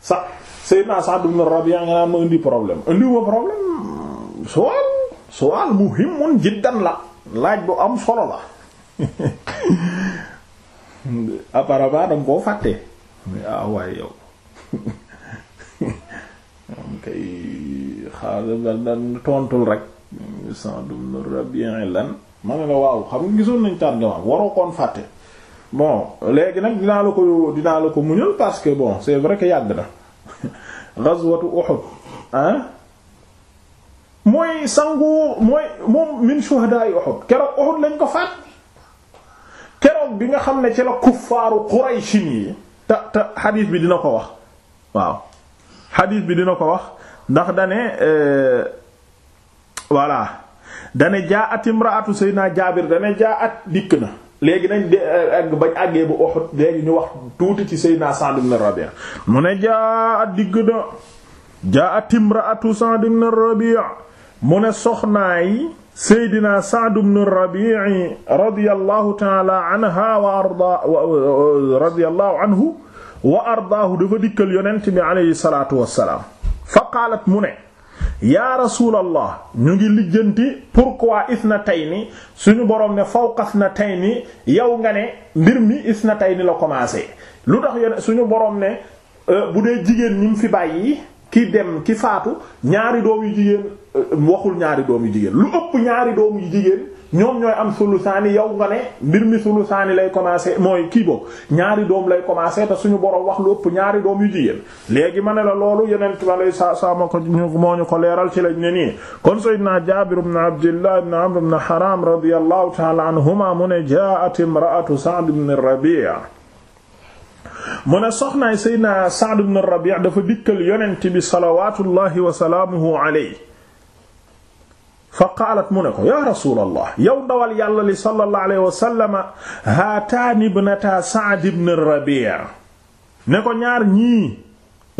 sax Seydina Sa'd ibn Rabi'a nga naan ma indi problème indiwuma problème suwaal suwaal muhimun jiddan la laaj bu am solo la <laughs> apparemment danga koo fàtte waaw ah waaye yow am <laughs> kay xaaral tontul rek Sa'd ibn Rabi'a lan ma ne waaw xam nga gisoon nañ tarjama waroo koon fàtte bon léegi nag dinaa la ko dinaa la ko mu parce que bon c'est vrai que yàgg na <laughs> ghazwatu Uhud ah mooy sangu mooy moom min shuhada'i Uhud keroog Uhud lañ ko faat keroog bi nga xam ne ci la kuffaaru Qurayshin yi te te xadiis bi dina ko wax waaw xadiis bi dina ko wax ndax dane euh, voilà dane jaa at imraatu Seydina Jaabir dane jaa at dikk na léegi nañ de àgg euh, bañ àggee bu Uhud léegi ñu wax tuuti ci Seydina Sa'd ibn Rabi' mu ne jaa at dikk na jaa at imraatu Sa'd ibn Rabi' mu ne soxnaay Seydina Sa'd ibn Rabi' radiyallahu ta'ala anha wa arda radiyallahu anhu wa ardaahu dafa dikkal yonent bi alayhi salaatu wassalaam fa qaalat mu ne yaa rasulallah ñu ngi lijjanti pourquoi isnatayni suñu borom ne fawqa isnatayni yow nga ne mbir mi is na ni la commencé lu tax yone suñu borom ne euh, bu dee jigéen ñi mu fi bàyyi ki dem ki faatu ñaari doom yu jigéen euh, waxul ñaari doom yu jigéen lu ëpp ñaari doom yu jigéen ñoom ñooy am sulusaani yow nga ne mbir mi sulusaani lay commencer mooy kii boobu ñaari doom lay commencer te suñu borom wax lu ëpp ñaari doom yu jigéen léegi ma ne la loolu yeneen tubaab sa saa ma ko moo ñu ko leeral ci lañ ne nii. kon sayyidina Jaabir ibn Abdillah ibn Amr ibn Haram radiyallahu ta'ala anhuma mu ne jaa'at imra'atu Sa'd ibn Rabi' mu ne soxnaay sayyidina Sa'd ibn Rabi' dafa dikkal yonent bi salawatullahi wa salaamuhu alayhi fa qaalat mu ne ko yaa rasulallah yow dawal yàlla li sallallahu alayhi wa sallama haataani ibnata Sa'd ibn Rabi' ne ko ñaar ñii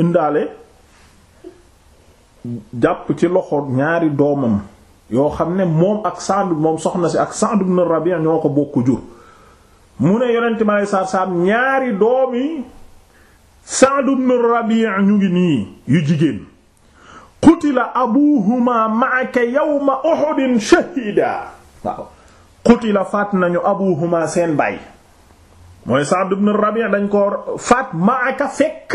indaale jàpp ci loxo ñaari doomam yoo xam ne moom ak Sa'd moom soxna si ak Sa'd ibn Rabi' ñoo ko bokk jur mu ne yonent ma lay saar saam ñaari doomi Sa'd ibn Rabi' ñu ngi nii yu jigéen qutila abuhuma ma'aka yawma uhudin shahida waaw qutila faat nañu abuhuma seen baay mooy Sa'd ibn Rabi' dañ ko faat ma'aka fekk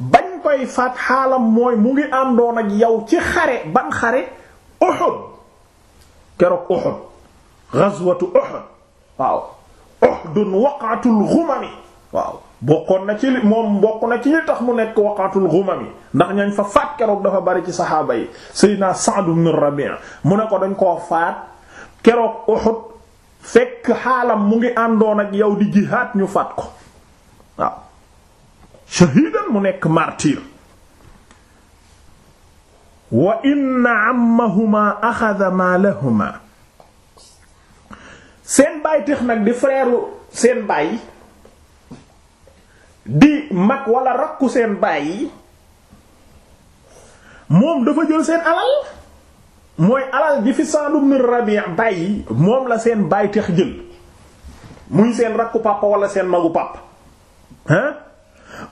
bañ koy faat xaalam mooy mu ngi àndoon ak yow ci xare ban xare Uhud keroog Uhud ghazwatu Uhud waaw Uhudun waqatul ghumami waaw bokkoon na ci li moom bokk na ci li tax mu nekk waqatul ghumami ndax ñañ fa faat keroog dafa bari ci saxaaba yi sayyidina Sa'd ibn Rabi' mu ne ko dañ koo faat keroog Uhud fekk xaalam mu ngi àndoon yow di jihaad ñu mu nekk martyr wa inna ammahuma axada maalahuma seen baay tax nag di frère seen baay di mag walla rakku seen baay moom dafa jël seen alal mooy alal ji fi Sa'd ibn Rabi' bàyyi moom la seen baay tax jël muy seen rakku papa wala seen magu papa ah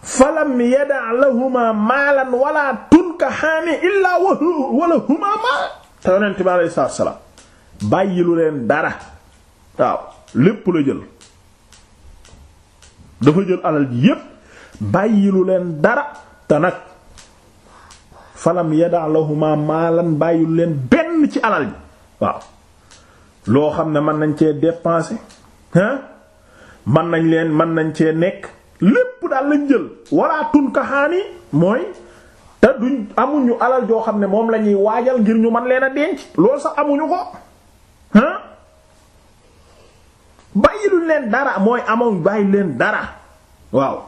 falam yada' lahuma maalan wala tunkahaani illaa wala huma maal te yonent bi alayhi salaam bàyyi lu leen dara waaw lépp la jël dafa jël alal ji yépp bàyyilu leen dara te nag falam yadaa lahuma maalan bàyyilu leen benn ci alal ji waaw loo xam ne mën nañ cee dépenser hein mën nañ leen mën nañ cee nekk lépp daal lañ jël walla tunkaxaani mooy te duñ amuñu alal joo xam ne moom lañuy waajal ngir ñu man leen a denc loolu sax amuñu ko bàyyiluñ leen dara mooy amoon bàyyi leen dara waaw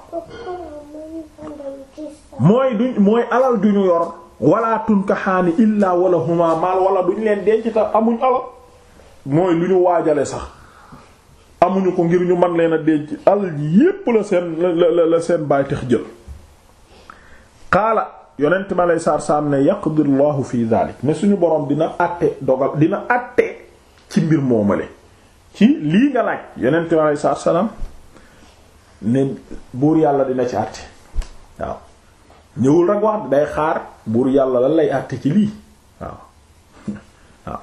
mooy duñ mooy alal duñu yor wala tunkaxaani illaa wala huma maal wala duñ leen denc amuñ alal mooy ñu waajale sax amuñu ko ngir ñu man leen a denc alal ji yépp la seen la la seen baay tax jël xaala yonent ma lay saar saam ne yaqdirullahu fi dalik ne suñu borom dina àtte dogal dina àtte ci mbir moomale ci lii nga laaj yonent bi aleyhi salaatu wa salaam ne buur yàlla dina ci àtte waaw ñëwul rek wax day xaar buur yàlla la lay àtte ci lii waaw <laughs> waaw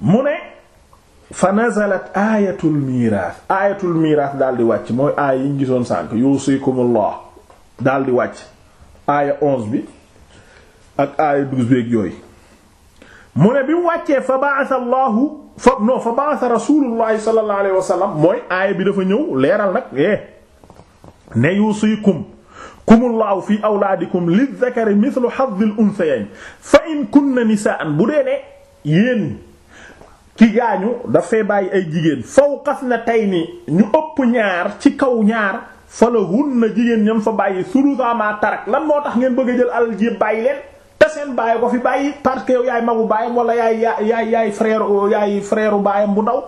mu ne fa nazalat aayatul miiraas aayatul miiraas daal di wàcc mooy aaya yi ñu gisoon sànk yuusikumullah daal di wàcc aaya onze bi ak aaya douze bi ak yooyu mu ne bi mu wàccee fa ba'atha Allahu fa noo fa baasa rasulullahi sallallahu alayhi wa mooy aaya bi dafa ñëw leeral nag eh ne yusikum kumullahu fi awlaadikum lizzakari mithlu hazzil unsayayn fa in kunna nisaan bu dee ne yéen ki gaañu dafay bàyyi ay jigéen na fawqa ni ñu ëpp ñaar ci kaw ñaar fa na jigéen ñam fa bàyyi thulutha ma tarak lan moo tax ngeen bëgg a jël alal ji bàyyi leen te seen baay ko fi bàyyi parce que yow yaay magu baayam wala yaay yaay yaay freeru yaay frère baayam bu ndaw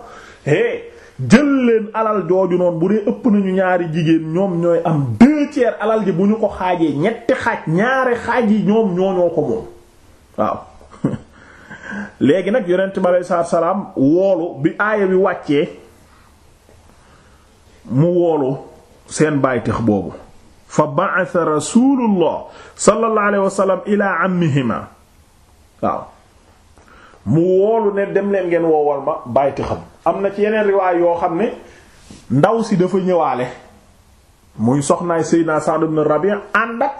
eh jël leen alal jooju noonu bu dee ëpp nañu ñaari jigéen ñoom ñooy am deux alal ji bu ñu ko xaajee ñetti xaaj ñaari xaaj yi ñoom ñoo ñoo ko moom waaw. <laughs> léegi nag yonent bi aleyhi salaatu salaam woolu bi aaya bi wàccee mu woolu seen baay tex boobu. fa ba'atha rasulullah sallallahu alayhi wa sallam ila ammihima waaw mu woolu ne dem leen ngeen woowal ma bàyti xam am na ci yeneen riwaay yoo xam ne ndaw si dafa ñëwaale muy soxnaay Seydina Sa'd ibn Rabi' ànd ak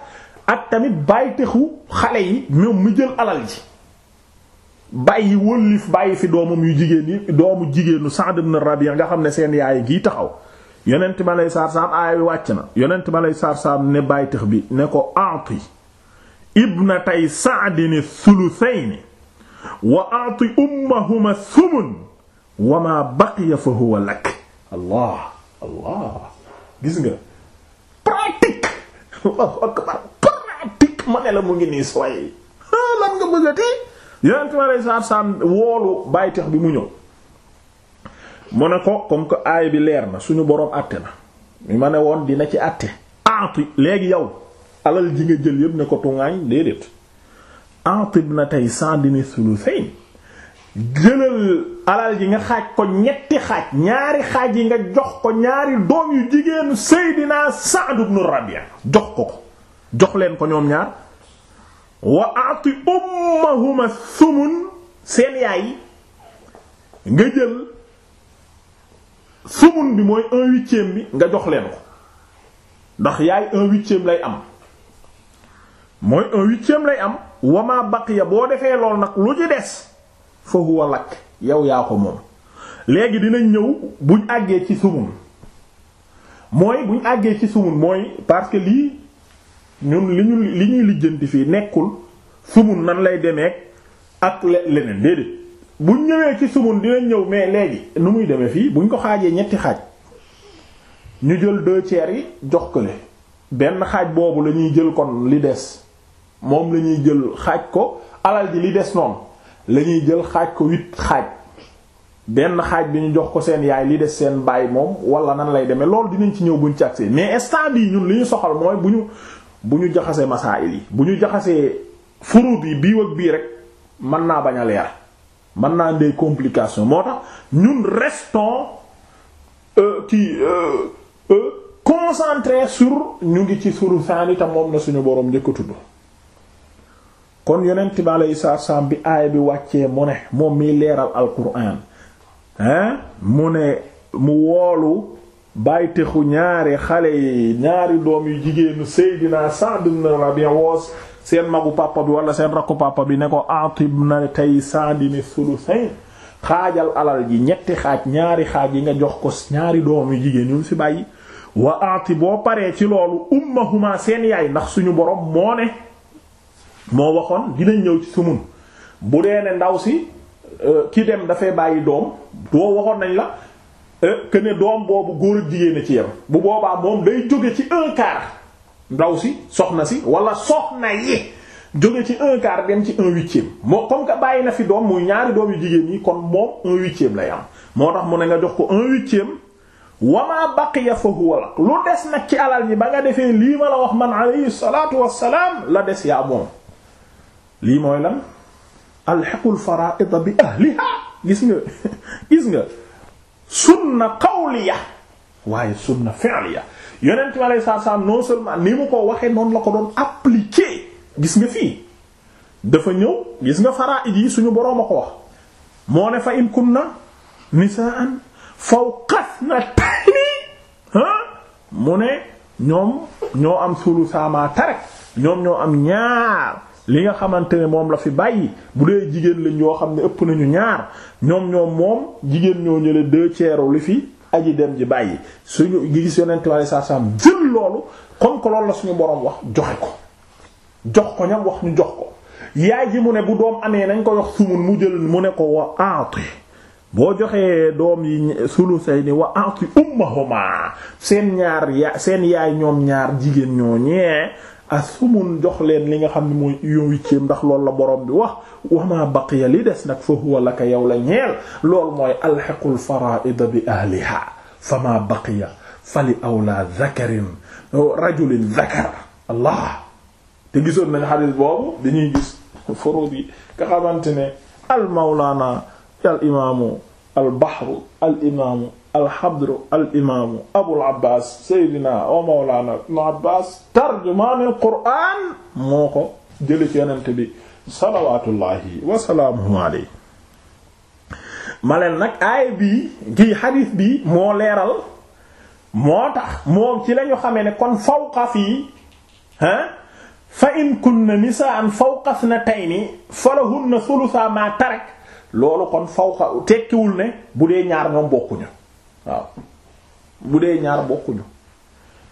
ak tamit bàytixu xale yi moom mu jël alal ji bàyyi wëllif bàyyi fi doomam yu jigéen yi doomu jigéenu Sa'd ibn Rabi' nga xam ne seen yaay gii taxaw yonent ma lay saar saam aaya bi wàcc na yonent ma lay saar saam ne bàytax bi ne ko a'ti ibnatay sa'din thuluthayni wa a'ti ummahuma thumun wa ma baqiya fa huwa lak allah allah gis nga pratique allahu akbar pratique ma ne la mu ngi nii sooy lan nga bëggatee yonent ma lay saar saam woolu bàytax bi mu ñëw mu ne ko comme que aay bi leer na suñu boroom àtte na ma ne woon dina ci àtte anti léegi yow alal ji nga jël yépp ne ko tungaañ déedéet bi na tey sandini sulusayn jëlal alal ji nga xaaj ko ñetti xaaj ñaari xaaj yi nga jox ko ñaari doom yu jigéenu Seydina Sa'd ibn Rabi'a jox ko ko jox leen ko ñoom ñaar wa a'ti ummahuma sumun seen yaay nga jël sumun bi mooy un huitième bi nga jox leen ko ndax yaay un huitième lay am mooy un huitième lay am wama baqiya boo defee lool nag lu ci des fa huwa lakk yow yaa ko moom léegi dinañ ñëw buñ àggee ci sumun mooy buñ àggee ci sumun mooy parce que lii ñun li ñu li lijjanti fii nekkul sumun nan lay demee ak leneen déedéet buñ ñëwee ci sumun dinañ ñëw mais léegi nu muy demee fii buñ ko xaajee ñetti xaaj ñu jël deux tiers yi jox ko le benn xaaj boobu la ñuy jël kon li des moom la ñuy jël xaaj ko alal ji li des noonu lañuy jël xaaj ko huit xaaj benn xaaj bi ñu jox ko seen yaay li des seen baay moom wala nan lay demee loolu dinañ ci ñëw buñ ci mais instant bii ñun li ñu soxal mooy bu ñu bu ñu jaxasee masaayil yi bu ñu jaxasee furuut yi bii ak bii rek mën naa bañ a leer mën naa ndey complication moo tax ñun restons ci euh, euh, euh, concentré sur ñu ngi ci suru saani te moom na suñu boroom njëkk a kon yeneen bi alayhi salaam bi aay bi wàccee mu ne moom miy leeral alquran hein mu ne mu woolu bàyyi ñaari xale yi ñaari doom yu jigéenu Seydina Sa'd ibn Rabi' woos seen magu papa bi wala seen rakku papa bi ne ko atib na tey sandini sulusayn xaajal alal ji ñetti xaaj ñaari xaaj yi nga jox ko ñaari doomu jigéen ñu si bàyyi wa ati boo paree ci loolu ummahuma seen yaay ndax suñu boroom moo ne moo waxoon dinañ ñëw ci sumun bu dee ne ndaw si euh, ki dem dafay bàyyi doom doo waxoon nañ la euh, que ne doom boobu góor jigéen a ci yam bu boobaa moom day jóge ci un quart ndaw si soxna si walla soxna yi jóge ci un quart dem ci un huitième moo comme que bàyyi na fi doom muy ñaari doom yu jigéen ñi kon moom un huitième lay am moo tax mu ne nga jox ko un huitième wamaa baqiya fa huwa lak lu des nag ci alal ñi ba nga defee lii ma la wax man alayhi salatu wassalaam la des yaa moom lii mooy lan alxiqul fara'id bi ahliha gis nga <laughs> gis nga sunna qawliya waaye sunna fi'liya yonent bi alayhi salaam noo seulement ni mu ko waxee noonu la ko doon appliquer gis nga fii dafa ñëw gis nga faraa'id yi suñu boroom a ko wax moo ne fa in kunna nisaa'an fawqathnatayni mu ne ñoom ñoo am sulusaa ma tarak ñoom ñoo am ñaar li nga xamante ne moom la fi bàyyi bu dee jigéen lañ yoo xam ne ëpp nañu ñaar ñoom ñoom moom jigéen ñoo ñële deux tiers li fii aji dem ji bàyyi suñu ngi gis yonent wala saa saam jël loolu comme que loolu la suñu boroom wax joxe ko jox ko ñam wax ñu jox ko yaay ji mu ne bu doom amee nañ ko wax sumun mu jël mu ne ko wa aati boo joxee doom yi sulu sulusay ni wa aati ummahuma seen ñaar ya seen yaay ñoom ñaar jigéen ñoo ñee a sumun jox leen li nga xam ne mooy un huitième ndax loolu la borom bi wax wa ma baqiya li des nag fa huwa laka yow la ñeel lool mooy alhiqul fara'id bi ahliha fa ma baqiya fali awla dhakarin rajulin dhakar allah te gisoon nañ xadis boobu dañuy gis furuud yi nga xamante ne al mawlaana al imaamu al bahru al imaamu alhabdru al imaamu abul abbas saydina wa mawlaana ibn abbas tarjumaanul qur'aan moo ko jële ci yonent bi salawaatullahi wasalaamuhu alayhi ma nag aaya bi kii xadiis bi moo leeral moo tax moom ci lañu xame ne kon fawqa fii ah fa in kunna nisaan fawqa isnatayni falahunna sulusa ma tarak loolu kon fawqa tekkiwul ne bu dee ñaar ñoom bokkuñu waaw bu dee ñaar bokkuñu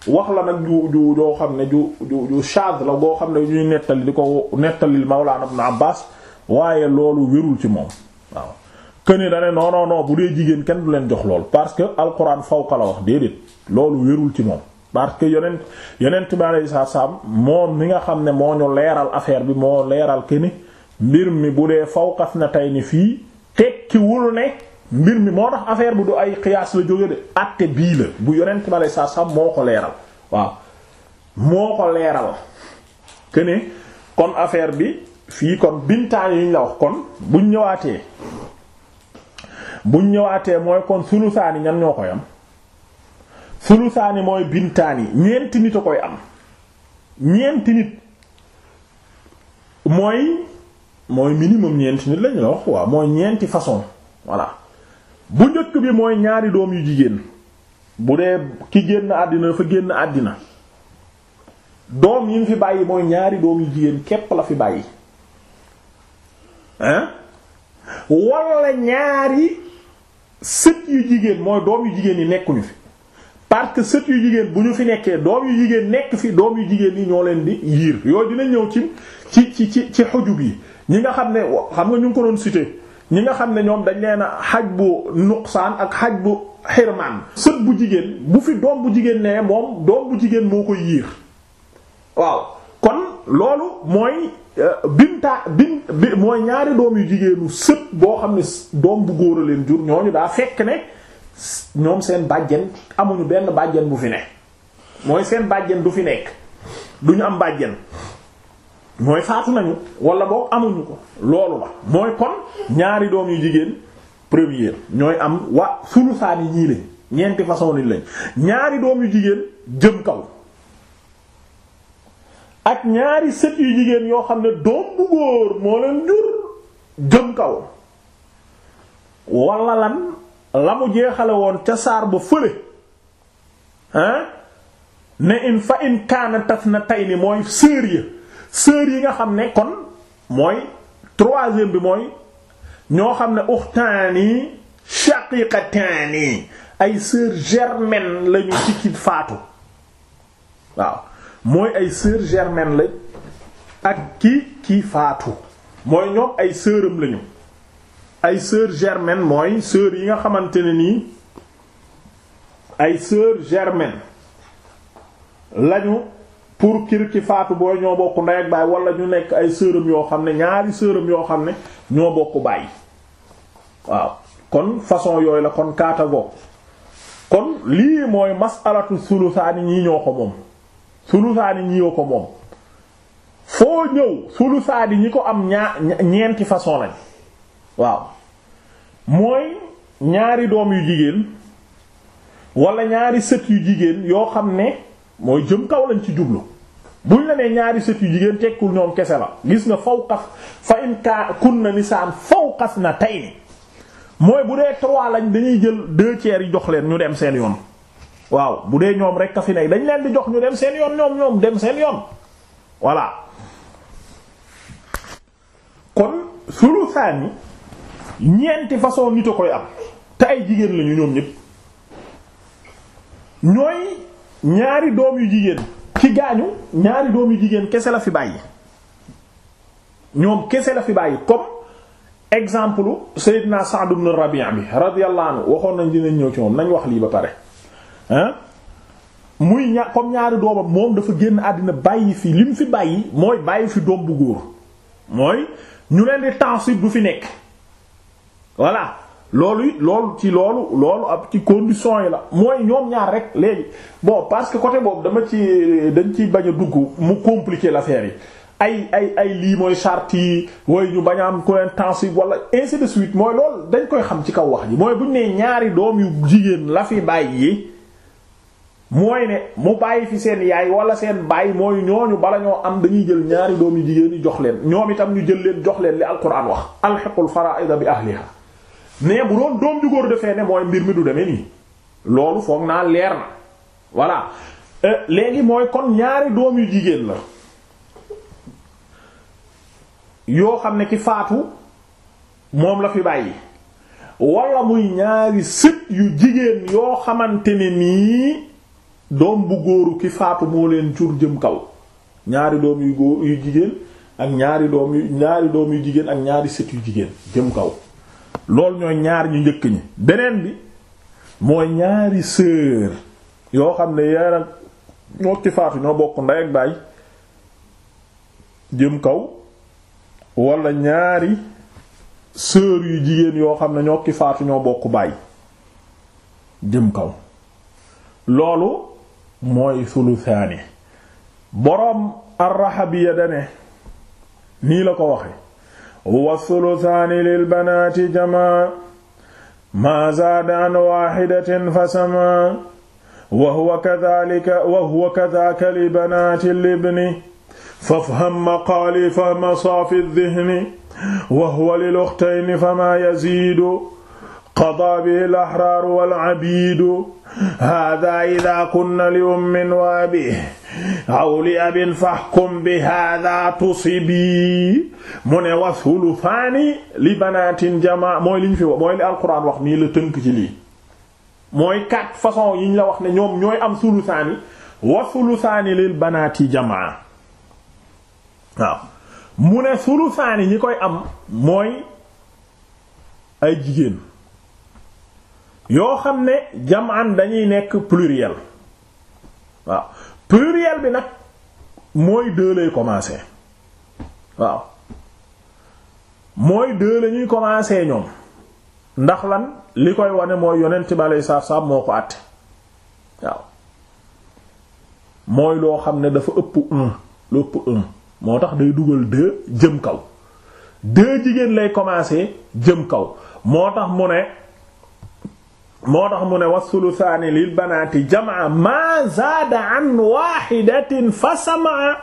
wax la nag ju ju joo xam ne ju ju ju shaad la boo xam ne ñuy nettali di ko nettalil Mawlaana Ibn Abbaas waaye loolu wérul ci moom waaw këne dane non bu dee jigéen kenn du leen jox lool parce que alquran fawqa la wax déedéet loolu wérul ci moom parce que yonent yonent bi alayhi salaam moom mi nga xam ne moo ñu leeral affaire bi moo leeral këne mbir mi bu dee fawqas na tey ni fii tekkiwul ne mbir mi moo tax affaire bu du ay qiyaas la jóge de àtte bii la bu yonent ma saa saa moo ko leeral waaw moo ko leeral que kon affaire bi fii kon bintaan yi ñu la wax kon buñ ñëwaatee buñ ñëwaatee mooy kon sulusaani ñan ñoo koy am sulusaani mooy bintaan ñeenti nit a koy am ñeenti nit mooy mooy minimum ñeenti nit lañu la wax waaw mooy ñeenti façon voilà bu njëkk bi mooy ñaari doom yu jigéen bu dee ki génn àddina dafa génn àddina doom yi mu fi bàyyi mooy ñaari doom yu jigéen képp la fi bàyyi hein walla ñaari sët yu jigéen mooy doom yu jigéen yi nekkuñu fi parce que sët yu bu ñu fi nekkee doom yu jigéen nekk fi doom yu jigéen yi ñoo leen di yiir yooyu dina ñëw ci ci ci ci xujub yi ñi nga xam ne xam nga ñu ngi ko doon cité ñi nga xam ne ñoom dañ leen a xaj bu nuqsaan ak xaj bu xirmaan sët bu jigéen bu fi doom bu jigéen nee moom doom bu jigéen moo koy yiir waaw kon loolu mooy euh, binta bin mooy ñaari doom yu jigéenu sët boo xam ne doom bu góor a leen jur ñooñu daa fekk ne ñoom seen bàjjen amuñu benn bàjjen bu fi ne mooy seen bàjjen du fi nekk duñu am bàjjen mooy faatu nañu wala boog amuñu ko loolu la mooy kon ñaari doom yu jigéen première ñooy am wa sulusaan yi ñii lañ ñeenti façon nit lañ ñaari doom yu jigéen jëm kaw ak ñaari sët yu jigéen yoo xam ne doom bu moo leen jur jëm kaw wala lan la mu jeexale woon ca saar ba fële ne in fa in kaana tas na tey ni mooy sérieux sœurs yi nga xam ne kon mooy troisième bi mooy ñoo xam ne uxtaani shaqiqataani ay sœurs germaines lañu ci ki faatu waaw mooy ay sœurs germaines lañ ak ki ki faatu mooy ay sœuram lañu ay sœurs germaines mooy sœurs yi nga xamante ne nii ay sœurs germaines lañu pour kir ci faatu booy ñoo bokk ndey ak baay wala ñu nekk ay sërëm yoo xam ne ñaari sërëm yoo xam ne ñoo bokk baay waaw kon façon yooyu la kon kaata bokk kon lii mooy masalatu sulusaani ñii ñoo ko moom sulusaani ñi ñoo ko moom foo ñëw sulusaani ñi ko am ñaa ñeenti façon lañ waaw mooy ñaari doom yu jigéen wala ñaari sët yu jigéen yoo xam ne mooy jëm kaw lañ ci jublu buñ la nee ñaari sët yu jigéen tekkul ñoom kese la gis na nga fawqa fa in ni kunna fow fawqas na tey mooy bu dee trois lañ dañuy jël deux yi jox leen ñu dem seen yoon waaw bu dee ñoom rek a fi nekk dañ leen di jox ñu dem seen yoon ñoom ñoom dem seen yoon voilà kon sulusaani ñeenti façon nit a koy am te ay jigéen lañu ñoom ñépp ñooy ñaari doom yu jigéen ci gaañu ñaari doom yu jigéen kese la fi bàyyi ñoom kese la fi bàyyi comme exemple Seydina Sa'd ibn Rabi' bi radiyallahu anhu waxoon nañ dinañ ñëw ci moom nañ wax lii ba pare hein muy ña comme ñaari doomam moom dafa génn àddina bàyyi fi li fi bàyyi mooy bàyyi fi doom bu góor mooy ñu leen di tansib du fi nekk voilà loolu loolu ci loolu loolu ab ci condition yi la mooy ñoom ñaar rek léegi boo parce que côté boobu dama ci dañ ci bañ a dugg mu la l'affaire yi ay ay ay lii mooy charte yi ñu bañ a am cointance yi wala ainsi de suite mooy loolu dañ koy xam ci kaw wax ji mooy bu ñu nee ñaari doom yu jigéen la fi bàyyi mooy ne mu bàyyi fi seen yaay wala seen bàyyi mooy ñooñu bala ñoo am dañuy jël ñaari doom yu jigéen yi jox leen ñoom itam ñu jël leen jox leen li alquran wax alxiqul faraida bi ahliha mais bu doon doom ju góor defee ne mooy mbir mi du deme nii loolu foog naa leer na voilà euh, léegi mooy kon ñaari doom yu jigéen la yoo xam ne ki faatu moom la fi bàyyi wala muy ñaari sët yu jigéen yoo xamante ne nii doom bu góoru ki faatu moo leen jur jëm kaw ñaari doom yu góor yu jigéen ak ñaari doom yu ñaari doom yu jigéen ak ñaari sët yu jigéen jëm kaw loolu ñooy ñaar ñu njëkk ñi beneen bi mooy ñaari sœur yoo xam ne yaram ñoo ci faatu ñoo bokk ndey ak baay jëm kaw wala ñaari sœur yu jigéen yoo xam ne ñoo ki faatu ñoo bokk baay jëm kaw loolu mooy sulusaani boroom ar-Rahabiyya dane nii la ko waxe wa thuluthaani lil banaati jamaa maa zaada an waahidatin fa samaa wa huwa kadhaalika wa huwa kadhaaka li banaati libni fafham maqaali fahma saafi dhihni wa huwa lil ukhtayni famaa yaziidu qadaa bihi al-ahraaru wal-abiidu haadaa idaa kunna li ummin wa abi aw li abin fahkum bi haadaa tusibi mu ne wa sulusaani li banaatin jamaa mooy li ñu fi wax mooy li alquran wax nii la tënk ci lii mooy quatre façons yi ñu la wax ne ñoom ñooy am sulusaani wa sulusaani lil banaati jamaa waaw mu ne sulusaani ñi koy am mooy ay jigéen. yoo xam ne jam'an dañuy nekk pluriel waaw pluriel bi nag mooy deux lay commencer waaw mooy deux la ñuy commencer ñoom ndax lan li koy wane mooy yonent bi aleyhi salaatu moo ko àtte waaw mooy loo xam ne dafa ëpp un lu ëpp un moo tax day dugal deux jëm kaw deux jigéen lay commencer jëm kaw moo tax mu ne moo tax mu ne wasulusaani lil banaati jamaa ma zaada an wahidatin fa samaa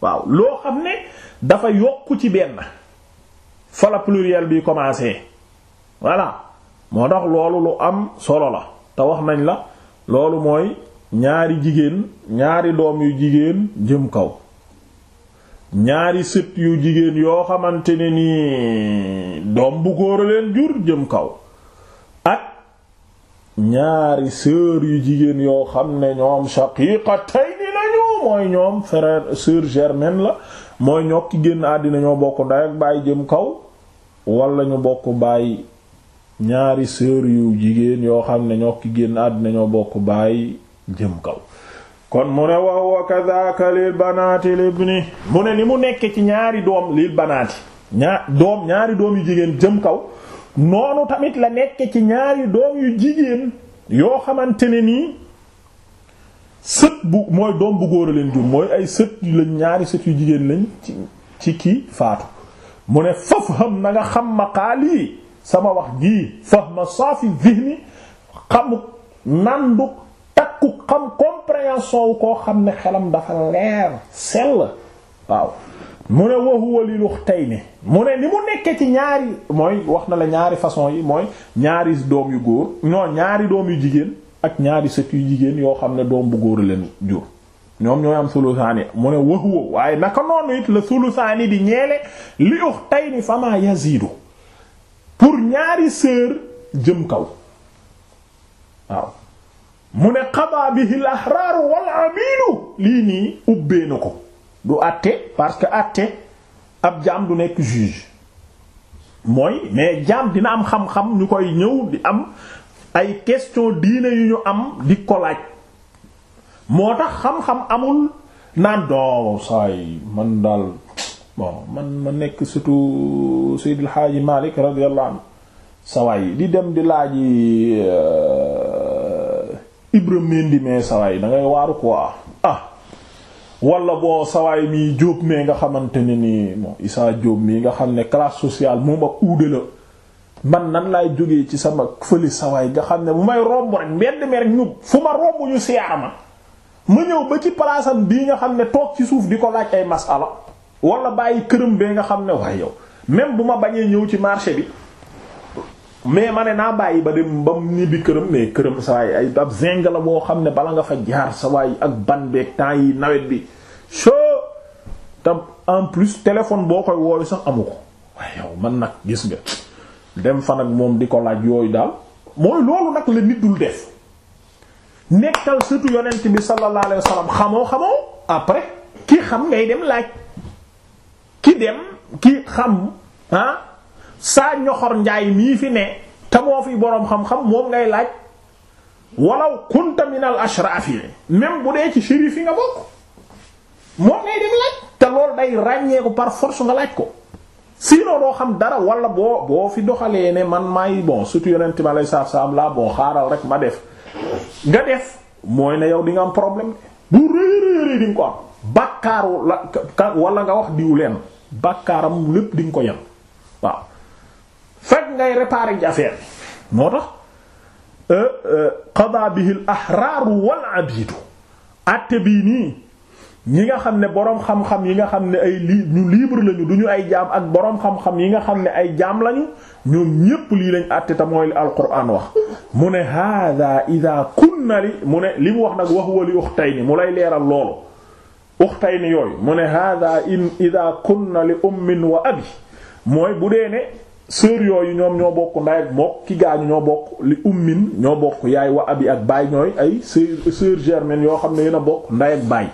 waaw loo xam ne dafa yokk ci benn fa la pluriel bi commencé voilà moo tax loolu lu am solo la te wax nañ la loolu mooy ñaari jigéen ñaari doom yu jigéen jëm kaw ñaari sët yu jigéen yoo xamante ne ni doom bu góor a leen jur jëm kaw ak ñaari sœur yu jigéen yoo xam ne ñoom shaqiqatayni lañu mooy ñoom frère germaine la mooy ñoo ki génn àddina ñoo bokk ndey ak baay jëm kaw wala ñu bokk baay ñaari sœur yu jigéen yoo xam ne ñoo ki génn àddina ñoo bokk baay jëm kaw kon mu ne wax wa kadhaaka lil banaati libni mu ne ni mu nekkee ci ñaari doom lii banaati ñaari doom yu jigéen jëm kaw noonu tamit la nekk ci ñaari doom yu jigéen yoo xamante ni sët bu mooy doom bu góor a jur mooy ay sët lañ ñaari sët yu jigéen lañ ci ci kii faatu mu ne fafham na nga xam ma xaali sama wax jii fahma saafi zihni xamuk nanduk takkuk xam compréhension wu koo xam ne xelam dafa leer sell waaw mu ne wa huwa lil ukhtayni mu ne ni mu nekke ci ñaari mooy wax na la ñaari façon yi mooy ñaari doom yu góor ñoo ñaari doom yu jigéen ak ñaari sët yu jigéen yoo xam ne doom bu góor leen jur ñoom ñooy am sulusaani mu ne wa huwa waaye naka noonu it la sulusaani di ñeele li ukhtayni fama yazidu pour ñaari sœur jëm kaw waaw mu ne qada bihi al ahrar wal amilu lii nii ubbee na ko du àtte parce que àtte ab jaam du nekk juge mooy mais jaam dina am xam-xam ñu koy ñëw di am ay question diine yu ñu am di ko moo tax xam-xam amul naan doo saay man daal bon man ma nekk surtout Seydil Hadji Malick radiyallahu anhu sawaay di dem di laaji euh, Ibra Mendi mais sawaay da ngay waaru quoi ah wala boo sawaay mi jóob mee nga xamante ne ni bon isaa jóob mii nga xam ne classe sociale mu ma uude la man nan laay jógee ci sama fëli sawaay nga xam ne bu may romb rek mbedd mi rek ñu fu ma romb ñu siyaar ma ma ñëw ba ci palaasam bii nga xam ne toog ci suuf di ko laaj ay masala wala bàyyi këram bee nga xam ne waaye yow même bu ma bañee ñëw ci marché bi mais ma ne naa bàyyi ba dem ba mu ñibbi këram mais këram sa ay ba zing la boo xam ne bala nga fa jaar sa ak ban beeg temps yi nawet bi so te en plus téléphone boo koy wooyu sax amuko ko waaye yow man nag gis nga dem fa nag moom di ko laaj yooyu daal mooy loolu nag la nit dul def nekkal surtout yonent bi sallallahu alayhi xamoo xamoo après ki xam ngay dem laaj ki dem ki xam ah, saa ñoxor njaay mii fi ne te moo fi boroom xam-xam moom ngay laaj walaw kunta min al ashraafi bu dee ci shérif yi nga bokk moom ngay dem laaj te loolu day ràññeeku par force nga laaj ko sinon doo xam dara wala boo boo fi doxalee ne man maay bon surtout yonent ma lay saaf saaf laa boo xaaral rek ma def nga def mooy ne yow di nga am problème bu réeréeré di nga ko am bakkaaru la nga wax diw leen bakkaaram lépp di nga ko yem waaw ngay réparer ji affaire bi moo tax euh, euh, qada bi al wa wal abidu atte bii nii ñi nga xam ne boroom xam-xam yi nga xam ne ay li ñu libre lañu du ñu ay jaam ak boroom xam-xam yi nga xam ne ay jaam lañu ñoom ñépp lii lañ àtte te mooy li wax mu ne hada ida kunna mu ne li mu wax nag wax wali uxtayni mu lay leeral loolu uxtayni yooyu mu ne hada in ida kunna li ummin wa abi mooy bu dee ne sœur yooyu ñoom ñoo bokk nday ak mook ki gaañu ñoo bokk li ummin ñoo bokk yaay wa abi ak baay ñooy ay sœur sœur germaine yoo xam ne yéen a bokk nday ak baay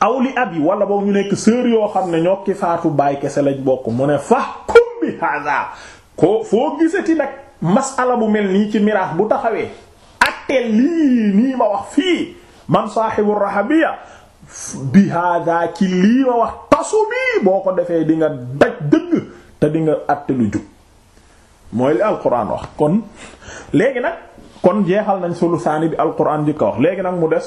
aw li abi wala boog ñu nekk sœur yoo xam ne ñoo ki faatu baay kese lañ bokk mu ne fa kum bi hada ko foo gisati nag masala bu mel nii ci miraas bu taxawee atteel lii nii ma wax fii man saaxibu rahabia bi hada ci lii ma wax tasu bi boo ko defee di nga daj dëgg te di nga àtte lu jub mooy li alquran wax kon léegi nag kon jeexal nañ sulu saani bi alquran jëkka wax léegi nag mu des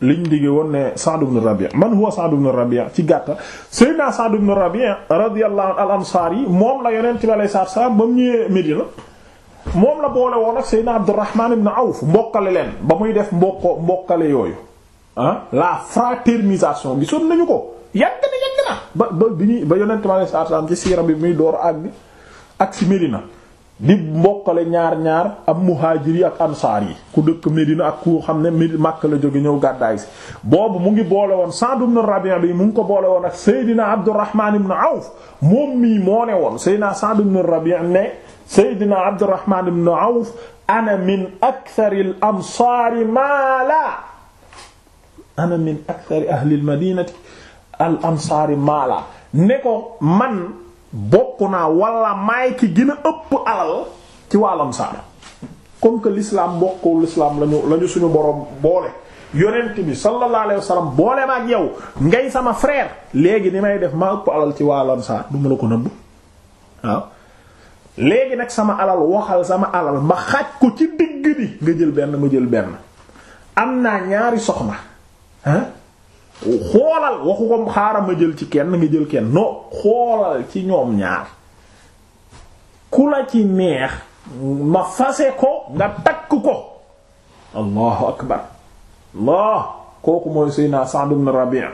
liñ digge woon ne Sa'd ibn Rabi' man huwa Sa'd ibn Rabi' ci gàtta sayyidina Sa'd ibn Rabi' radiyallahu anhu al ansari moom la yonent bi alayhi salaatu salaam ba mu ñëwee Medina moom la boole woon ak sayyidina Abdurrahman ibn Awf mbokkale leen ba muy def mbokko mbokkale yooyu ah la fraternisation gisoon nañu ko yàgg Medina ba ba bi ñuy ba yonent ma saa saam ci siira bi muy door àgg ak si Medina di mbokkale ñaar ñaar am muhaajir yi ak ansaar yi ku dëkk Medina ak ku xam ne Medina Makk la jóge ñëw gàddaay si boobu mu ngi boole woon Sa'd ibn Rabi' bi mu ngi ko boole woon ak Seydina Abdurrahman ibn Awf moom mii moo ne woon Seydina Sa'd ibn Rabi' ne Seydina Abdurrahman ibn Awf ana min akthari al ansaari maala ana min akthari ahli al madinati al ansaari maala ne ko man bokk naa wala maay ki gën a ëpp alal ci waa ansaar comme que l'islam mbokku l'islam lañu suñu borom boole yonent bi sallallahu alayhi wasallam boole ma ak yow ngay sama frère léegi ni may def maa ëpp alal ci waa ansaar du ma la ko nëbb léegi nag sama alal waxal sama alal ma xaaj ko ci digg bi nga jël benn ma jël benn am naa ñaari soxna xoolal waxu ko xaaral ma jël ci kenn nga jël kenn non xoolal ci ñoom ñaar ku la ci neex ma fase ko nga takk ko allahu akbar allah kooku mooy Seydina Sa'd ibn Rabi'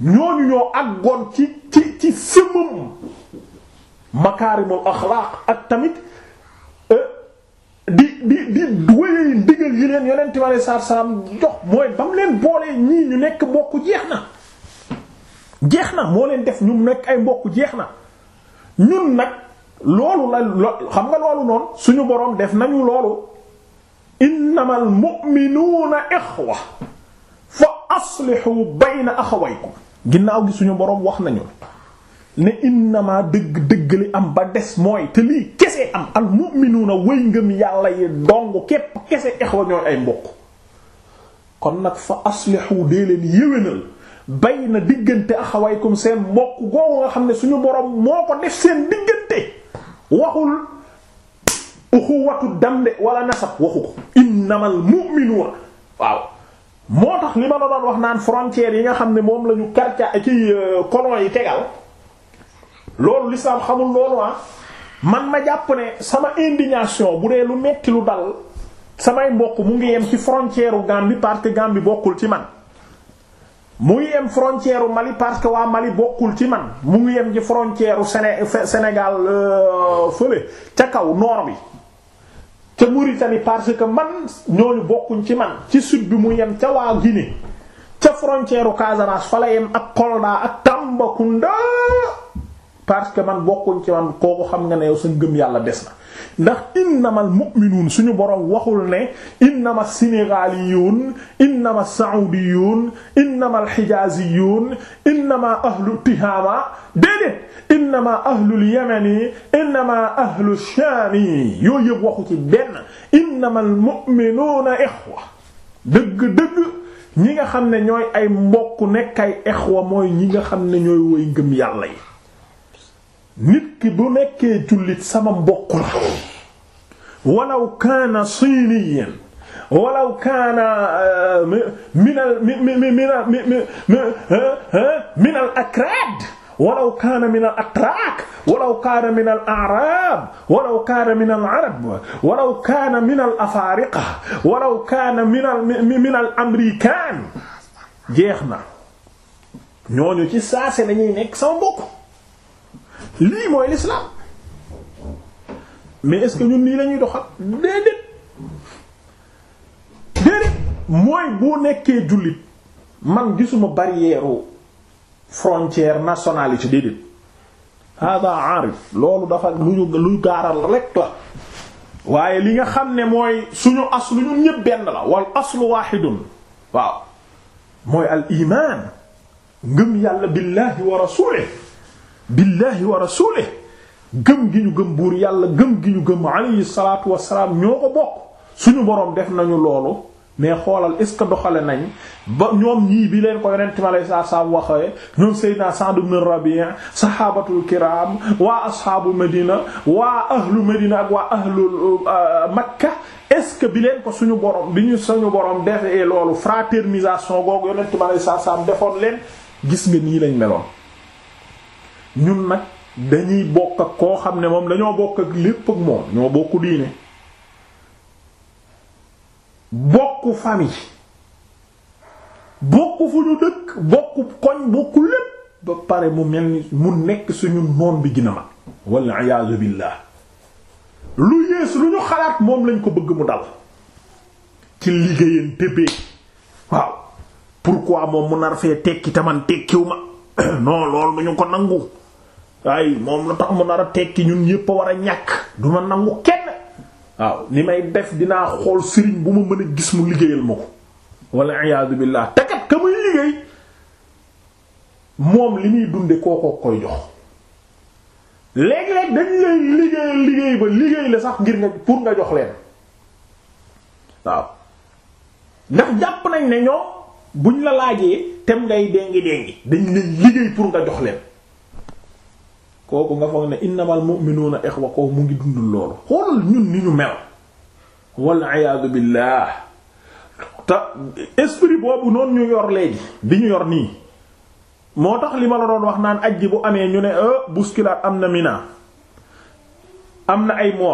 ñooñu ñoo àggoon ci ci ci sëmam makaarimul axlaaq ak tamit di di di wéyee ndigal yi leen yonent bi aleyhi salaatu salaam jox mooy ba mu leen boolee ñii ñu nekk bokk jeex na jeex na moo leen def ñu nekk ay mbokk jeex na ñun nag loolu la lo xam nga loolu noonu suñu boroom def nañu loolu innamal mu'minuuna ixwa fa aslihu bayna axawaykum ginnaaw gi suñu boroom wax nañu ne innama dëgg dëgg li am ba des mooy te lii kese am al mu'minuuna way ngëm yàlla yi dong képp kese exwa ñooy ay mbokk kon nag fa aslihu dee leen yéwénal bay na diggante axawaykum seen mbokk googu nga xam ne suñu borom moo ko def seen diggante waxul uxuwatu damde wala nasab waxu ko innamal mu'minuuna waaw moo tax li ma la doon wax naan frontières yi nga xam ne moom lañu quartier ci euh, colon yi tegal loolu lislaam xamul loolu ah man ma jàpp ne sama indignation bu dee lu metti lu dal samay mbokk mu ngi yem ci frontière u Gambie parce que Gambie bokkul ci man mu ngi yem Mali parce que waa Mali bokkul ci man mu ngi yem ci frontière u Séné Sénégal euh, fële ca kaw nord bi ca tamit parce que man ñooñu bokkuñ ci man ci sud bi mu yem ca waa Guinée ca frontière u Casamance fa la yem ak Kolda ak Tambacounda parce que man bokkuñ ci man kooku xam nga ne yow sa ngëm yàlla des na ndax innamal mu'minuun suñu borom waxul ne innama sénégaliyuun innama saoudiyuun innama alxijaaziyuun innama ahlu tihaama déedéet innama ahlul yamani innama ahlu shaami yooyu yëpp waxu ci benn innamal mu'minuuna ixwa dëgg-dëgg ñi nga xam ne ñooy ay mbokk nekk ay exwa mooy ñi nga xam ne ñooy woy ngëm yàlla yi nit ki bu nekkee jullit sama mbokk la walaw kaana siiniyan walaw kaana minal minal minal akraad walaw kaana minal atraak walaw kaana minal a'raab walaw kaana minal arab walaw kaana minal afaariqa walaw kaana minal minal amrikaan jeex na ñooñu ci saase lañuy nekk sama mbokk lii mooy l'islam mais est-ce que ñun lii lañuy doxal déedéet déedéet mooy boo nekkee jullit man gisuma barrière frontière nationalité déedéet hada aarif loolu dafa luñu luy gaaral rek la waaye li nga xam ne mooy suñu aslu ñun ñépp benn la wal aslu wahidun waaw mooy al ngëm yàlla billahi wa rasulih billahi wa rasulih gëm gi ñu gëm buur yàlla gëm gi ñu gëm alayhi salaatu wasalaam ñoo ko bokk suñu boroom def nañu loolu mais xoolal est ce que doxale nañ ba ñoom ñii bi leen ko yonent mi alayhi salaatu wasalaam waxee ñoom Seydina Sa'd ibn Rabi' saxaabatul kiram waa asxaabu Medina waa ahlu Medina ak waa ahlu euh, Makka est ce que bi leen ko suñu borom bi ñu suñu borom defee loolu fraternisation googu yonent mi alayhi salaatu defoon leen gis nga nii lañ meloon. ñun nag dañuy bokk ak koo xam ne moom dañoo bokk ak lépp ak moom ñoo bokku diine bokku famille bokku fu ñu dëkk bokku koñ bokku lépp ba pare mu mel ni mu nekk suñu noon bi gën mag walla iyaazu billaah lu yées lu ñu xalaat moom lañ ko bëgg mu dal ci liggéeyam tëbee waaw pourquoi moom mu nar fee tekki taman tekkiw ma <coughs> non lool lu ñu ko nangu ay moom la tax mu nar a tekki ñun yépp a war a ñàkk du ma nangu kenn waaw ni may def dinaa xool sëriñ bu ma mën a gis mu liggéeyal ma ko walla iyaadu billaah te kat ka muy liggéey moom li muy dunde kookoo koy jox liggéey ba liggéey la sax ngir nga pour nga jox leen waaw ndax jàpp nañ ne ñoom buñ la laajee tem ngay déngi déngi dañ lay liggéey pour nga jox leen kooku nga foog ne innamal mu'minuuna ixwa kooku mu ngi dundul loolu xoolal ñun ni ñu mel wal iyaadu billah ta esprit boobu noonu ñu yor léegi di ñu yor nii moo tax li ma la doon wax naan ajji bu amee ñu ne euh bousculade am na mina am na ay moor